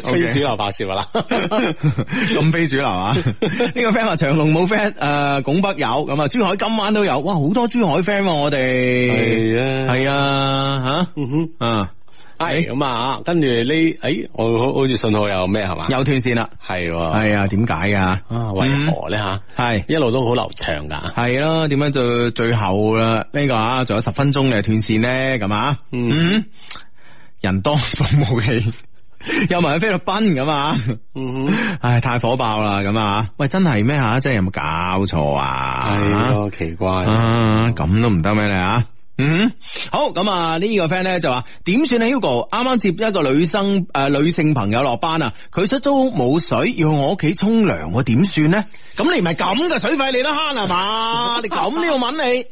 非主流拍攝啦，咁 非主流啊？呢 個 friend 話，長隆冇 friend，誒，拱北有，咁珠海今晚都有，哇，好多珠海 friend 我哋係啊，係啊，吓、啊啊，嗯哼，啊。係咁啊，跟住呢，誒、哎，我好好似信號又咩係嘛，又斷線啦，係，係啊，點解噶？啊，喂何呢嗯、為何咧吓？係一路都好流暢噶，係咯，點樣就最後啦？呢、這個啊，仲有十分鐘嘅斷線呢？咁啊、嗯，嗯，人多服務器 又埋喺菲律賓咁啊，唉、嗯哎，太火爆啦，咁啊，喂，真係咩吓？真係有冇搞錯啊？係咯，奇怪，咁都唔得咩你啊？嗯、mm-hmm.，好、這、咁、個、啊！呢個 friend 咧就話點算啊？Hugo，啱啱接一個女生誒、呃，女性朋友落班啊，佢出租冇水，要去我屋企沖涼，點算咧？咁你唔係咁嘅水費， 你都慳係嘛？你咁都要問你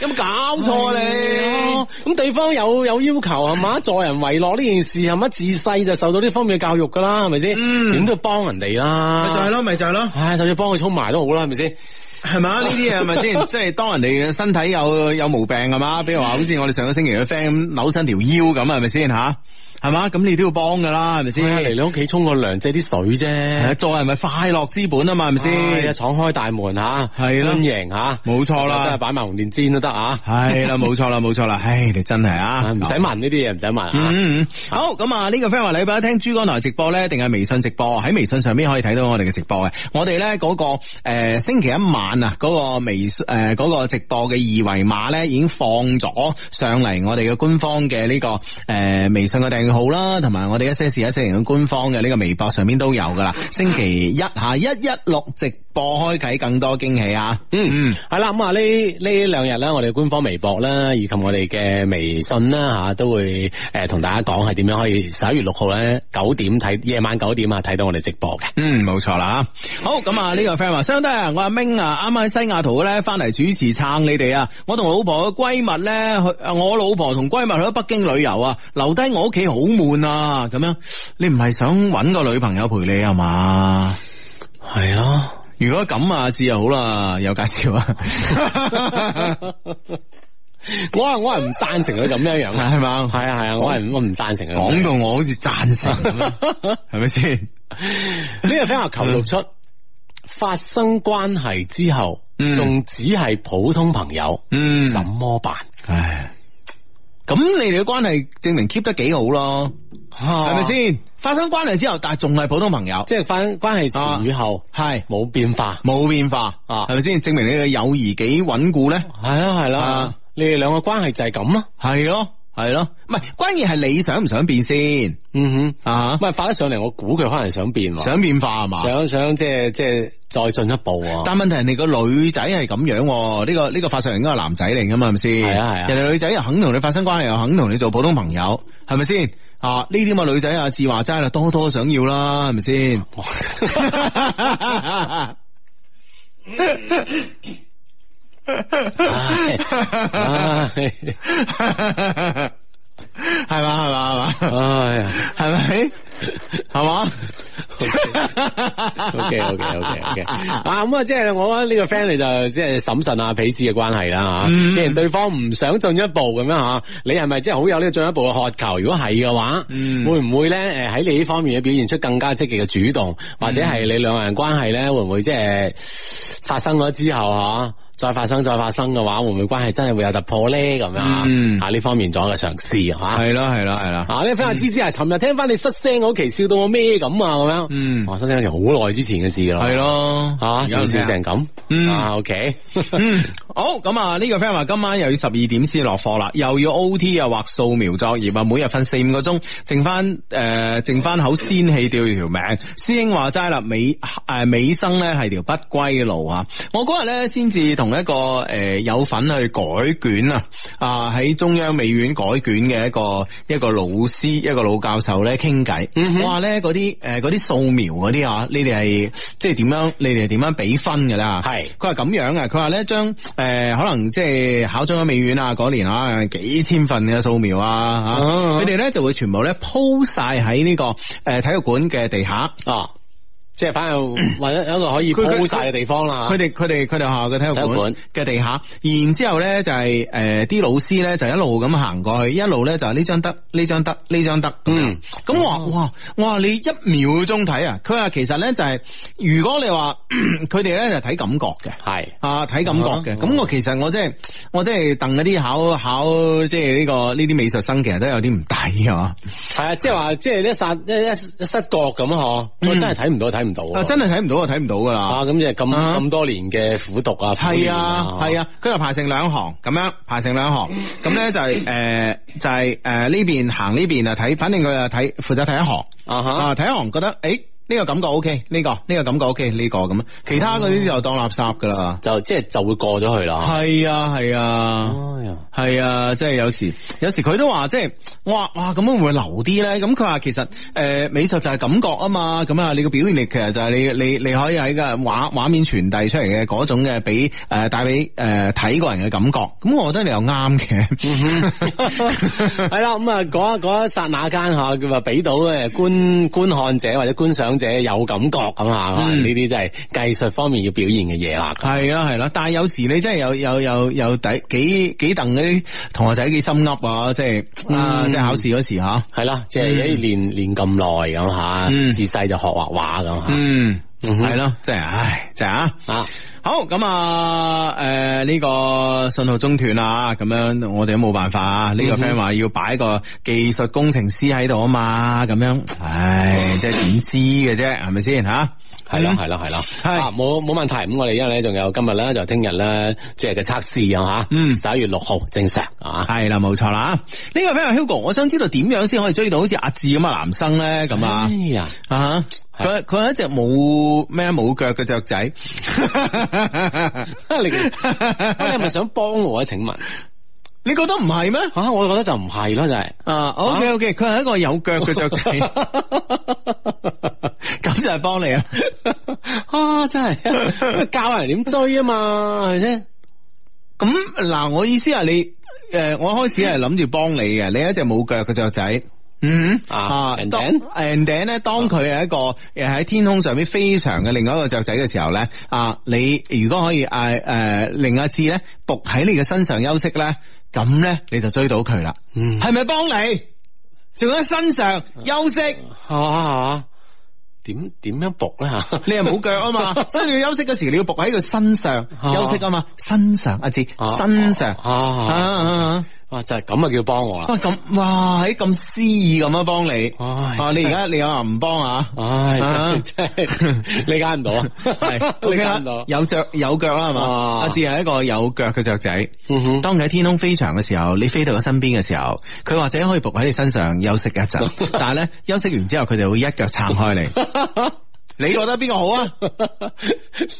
有冇 么搞錯 你、啊？咁對方有有要求係嘛？助人為樂呢件事係嘛？自細就受到呢方面嘅教育噶啦，係咪先？點、mm-hmm. 都要幫人哋啦、啊，咪就係、是、咯，咪就係、是、咯，唉、哎，就算幫佢沖埋都好啦，係咪先？係咪啊？呢啲嘢係咪先？ 即係當人哋嘅身體有有毛病係嘛？比如話好似我哋上個星期嘅 friend 咁扭親條腰咁，係咪先吓？係嘛？咁你都要幫噶啦，係咪先，嚟你屋企沖個涼借啲水啫。做係咪快樂之本啊嘛，係咪先？係啊，敞開大門吓，係咯贏吓，冇錯啦，擺埋紅電氈都得啊。係啦，冇 錯啦，冇錯啦。唉、哎，你真係啊，唔 使問呢啲嘢，唔使問。嗯、啊、好，咁啊，呢個 friend 話禮拜一聽珠江台直播咧，定係微信直播？喺微信上邊可以睇到我哋嘅直播嘅。我哋咧嗰個誒、呃、星期一晚啊，嗰、那個微誒、呃那個直播嘅二維碼咧，已經放咗上嚟，我哋嘅官方嘅呢、這個誒、呃、微信嘅好啦，同埋我哋一些事一些情嘅官方嘅呢個微博上邊都有噶啦，星期一下一一六直播開啟更多驚喜啊！嗯，嗯，係啦咁啊，呢呢兩日咧，我哋官方微博啦，以及我哋嘅微信啦吓、啊，都會誒同、呃、大家講係點樣可以十一月六號咧九點睇夜晚九點啊睇到我哋直播嘅。嗯，冇錯啦。好咁啊，呢個 friend 話，兄、嗯、弟我阿明啊，啱啱喺西雅圖咧翻嚟主持撐你哋啊！我同老婆嘅閨蜜咧去，我老婆同閨蜜去咗北京旅遊啊，留低我屋企好悶啊！咁樣你唔係想搵個女朋友陪你啊？嘛？係咯。如果咁啊，字又好啦，有介紹 啊。我係我係唔贊成佢咁樣樣啊，係 嘛是不，係啊係啊，我係我唔贊成佢。講到我好似贊成，係咪先？呢 個飛鶴求六出， 發生關係之後，仲、嗯、只係普通朋友，嗯，怎麼辦？唉。咁你哋嘅關係證明 keep 得幾好咯，係咪先？發生關係之後，但係仲係普通朋友，即係發生關係前與後係冇、啊、變化冇變化啊，係咪先？證明你嘅友誼幾穩固咧？係啦係啦，你哋兩個關係就係咁啦，係咯、啊。係咯，唔係關鍵係你想唔想變先，嗯哼，啊，唔發得上嚟，我估佢可能想變，想變化係嘛，想想即係即係再進一步啊！但問題人哋、這個女仔係咁樣，呢、這個呢個發上應應該係男仔嚟噶嘛，係咪先？係啊係啊，人哋女仔又肯同你發生關係，又肯同你做普通朋友，係咪先？啊，呢啲嘛女仔啊，自話齋啦，多多想要啦，係咪先？ 係嘛係嘛係嘛，係咪係嘛？OK OK OK OK。啊，咁啊，即係我覺得呢個 friend，你就即係審慎下彼此嘅關係啦吓。既、嗯、然對方唔想進一步咁樣吓，你係咪即係好有呢個進一步嘅渴求？如果係嘅話，會唔會咧？誒，喺你呢方面嘅表現出更加積極嘅主動，或者係你兩個人關係咧，會唔會即係發生咗之後吓？再發生，再發生嘅話，會唔會關係真係會有突破咧？咁樣啊，呢方面做一個嘗試啊？係啦係咯係啦！呢個 friend 尋日聽翻你失聲，我好奇笑到我咩咁啊？咁、啊啊啊啊啊、樣，哇，失聲嗰期好耐之前嘅事咯，係咯吓，有笑成咁？嗯，O K，嗯，okay. 好咁啊，呢個 friend 話今晚又要十二點先落課啦，又要 O T，又畫素描作業，每日瞓四五個鐘，剩翻誒、呃，剩翻口仙氣吊條命。師兄話齋啦，尾誒、呃、美生咧係條不歸路啊！我嗰日咧先至同。同一個誒有份去改卷啊，啊喺中央美院改卷嘅一個一個老師一個老教授咧傾偈，話咧嗰啲誒嗰啲素描嗰啲啊，你哋係即係點樣？你哋係點樣俾分嘅咧？係佢話咁樣啊，佢話咧將誒可能即係考中央美院啊嗰年啊幾千份嘅素描啊，啊，佢哋咧就會全部咧鋪晒喺呢個誒體育館嘅地下啊。即係反而揾有一個可以鋪曬嘅地方啦。佢哋佢哋佢哋學校嘅體育館嘅地下，然之後咧就係誒啲老師咧就一路咁行過去，一路咧就係呢張得呢張得呢張得。嗯，咁我話哇，我話你一秒鐘睇啊。佢話其實咧就係、是、如果你話佢哋咧就睇感覺嘅，係啊睇感覺嘅。咁、嗯、我其實我，、即係、我戥嗰啲即係我即係戥啲考考即係呢個呢啲美術生其實都有啲唔抵啊。係、嗯、啊，即係話即係一剎一一失覺咁嗬我真係睇唔到睇唔。嗯，睇唔到到啊！真係睇唔到就睇唔到噶啦。啊，咁即係咁咁多年嘅苦讀啊。係啊，係啊。佢又排成兩行，咁樣排成兩行。咁 咧就係、是、誒、呃，就係誒呢邊行呢邊啊。睇，反正佢啊睇負責睇一行。啊哈。啊睇一行覺得誒。欸呢、這個感覺 OK，呢、這個呢、這個感覺 OK，呢個咁其他嗰啲就當垃圾噶啦、啊，就即係就，就會過咗去啦。係啊係啊，係啊，即、啊、係、啊就是、有時，有時佢都話即係，我、就是、哇咁會唔會留啲咧？咁佢話其實誒、呃、美術就係感覺啊嘛，咁啊你個表現力其實就係你你你可以喺個畫畫面傳遞出嚟嘅嗰種嘅俾誒帶俾誒睇過人嘅感覺。咁我覺得你又啱嘅，係啦咁啊講一講一剎那間吓，佢話俾到誒觀觀看者或者觀賞。有感覺咁嚇，呢啲就係技術方面要表現嘅嘢啦。係、嗯、啦，係啦，但係有時你真係有有有有第幾幾鄧嗰啲同學仔幾心噏啊！即係啊，即係考試嗰時嚇，係啦，即、就、係、是、一、嗯、練練咁耐咁下，自細就學畫畫咁嚇，嗯，係、嗯、咯，即係、就是、唉，即係啊啊！好咁啊！誒，呢、呃這個信號中斷啦，咁樣我哋都冇辦法啊。呢、嗯這個 friend 話要擺個技術工程師喺度啊嘛，咁樣，唉、哎嗯，即係點知嘅啫，係咪先吓？係 咯，係咯，係咯，係冇冇問題。咁我哋因為咧，仲有今日咧，就聽日咧，即係嘅測試啊吓。嗯，十一月六號正常啊，係啦，冇錯啦。呢個 friend 話 Hugo，我想知道點樣先可以追到好似阿志咁嘅男生咧咁、哎、啊。啊啊，佢佢係一隻冇咩冇腳嘅雀仔。 你你係咪想幫我啊？請問，你覺得唔係咩？吓、啊，我覺得就唔係咯，就係、是。啊、uh,，OK OK，佢、啊、係一個有腳嘅雀仔 幫，咁就係幫你啊！啊，真係教人點追啊嘛，係咪先。咁嗱，我意思係你誒，我一開始係諗住幫你嘅，你係一隻冇腳嘅雀仔。嗯啊，啊，當 ending 咧，then, 當佢係一個誒喺天空上邊飛翔嘅另外一個雀仔嘅時候咧，啊，你如果可以嗌誒另一支咧伏喺你嘅身上休息咧，咁咧你就追到佢啦。嗯，係咪幫你？仲喺身上休息？吓吓，點點樣伏咧吓？嗯、是是你係冇腳啊嘛，所以你要休息嗰時你要伏喺佢身上休息啊，啊，啊嘛， 身上一志，身上啊！哇！是這樣這樣就係咁啊，叫幫我啦！哇咁哇，喺咁私意咁樣幫你！啊你而家你又話唔幫啊？唉，唉唉 真是 你解唔到？有腳有腳啦，係嘛？阿志係一個有腳嘅雀仔，嗯。當喺天空飛翔嘅時候，你飛到佢身邊嘅時候，佢或者可以伏喺你身上休息一陣。 但係咧，休息完之後，佢哋會一腳撐開你。 你覺得邊個好啊？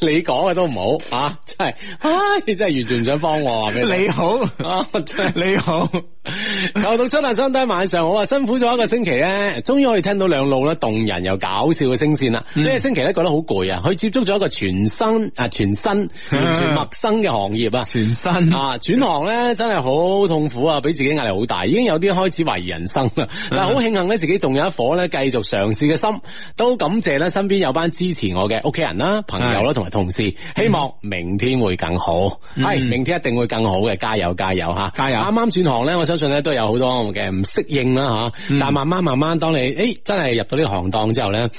你講嘅都唔好啊！真係，唉、啊，你真係完全唔想幫我啊！你好啊，真係你好。 求到出啊！相低晚上，好啊辛苦咗一個星期咧，終於可以聽到兩路啦，動人又搞笑嘅聲線啦。呢、嗯，這個星期咧覺得好攰啊，佢接觸咗一個全新啊全新完全陌生嘅行業身啊，全新啊轉行咧真係好痛苦啊，俾自己壓力好大，已經有啲開始懷疑人生啦、嗯。但係好慶幸咧，自己仲有一顆咧繼續嘗試嘅心。都感謝咧身邊有班支持我嘅屋企人啦、朋友啦同埋同事、嗯。希望明天會更好，係、嗯、明天一定會更好嘅，加油加油吓，加油！啱啱轉行咧，我。相信咧都有好多嘅唔適應啦吓、嗯，但慢慢慢慢，當你誒、欸、真係入到呢個行當之後咧，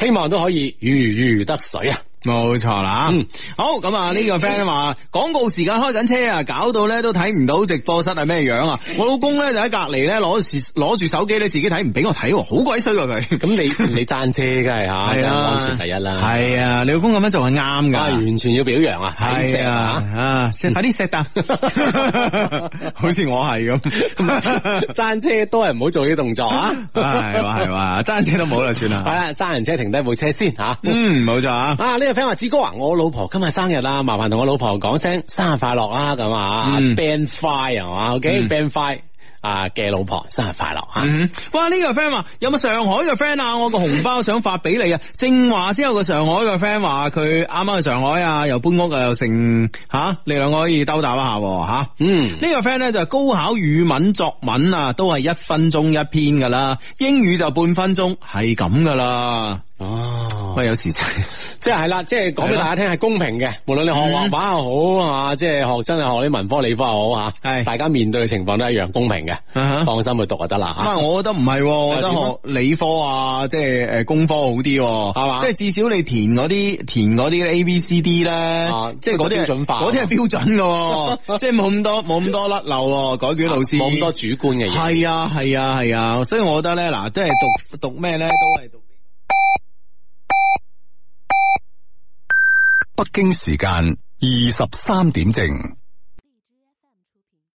希望都可以如魚得水啊！冇錯啦，嗯、好，咁啊，呢個 friend 話廣告時間開緊車啊，搞到咧都睇唔到直播室係咩樣啊！我老公咧就喺隔籬咧攞住攞住手機咧自己睇，唔俾我睇，好鬼衰過佢。咁、嗯、 你你揸車梗係吓，安全、啊、第一啦。係啊，你老公咁樣做係啱噶，完全要表揚啊！係啊，快啲熄啊，啊 好似我係咁，揸 車都係唔好做呢啲動作啊！係嘛係嘛，揸、哎、車都冇啦算啦，係啊，揸人車停低部車先吓。 嗯，冇錯啊，啊 friend 話，子哥啊，我老婆今日生日啦，麻煩同我老婆講聲生日快樂啊，咁啊、嗯、band five 啊，ok、嗯、band five 啊嘅老婆生日快樂吓、嗯。哇，呢、這個 friend 話有冇上海嘅 friend 啊？我個紅包想發俾你啊。嗯、正話先有個上海嘅 friend 話佢啱啱去上海啊，又搬屋又成吓、啊，你兩個可以兜搭一下吓、啊啊。嗯，這個、朋友呢個 friend 咧就係、是、高考語文作文啊，都係一分鐘一篇噶啦，英語就半分鐘係咁噶啦。哦，喂、啊，有時真即係啦，即係講俾大家聽，係公平嘅，無論你學畫畫又好啊，即係學真係學啲文科理科又好吓，係大家面對嘅情況都一樣公平嘅、啊，放心去讀就得啦吓。唔、啊、我覺得唔係，我覺得學理科啊，即係誒工科好啲係嘛，即係至少你填嗰啲填嗰啲 A B C D 咧、啊，即係嗰啲準嗰啲係標準喎，那是準的 即係冇咁多冇咁多甩漏 改卷老師冇咁、啊、多主觀嘅嘢。係啊係啊係啊，啊，所以我覺得咧嗱，即係讀讀咩咧都係。北京時間二十三點正。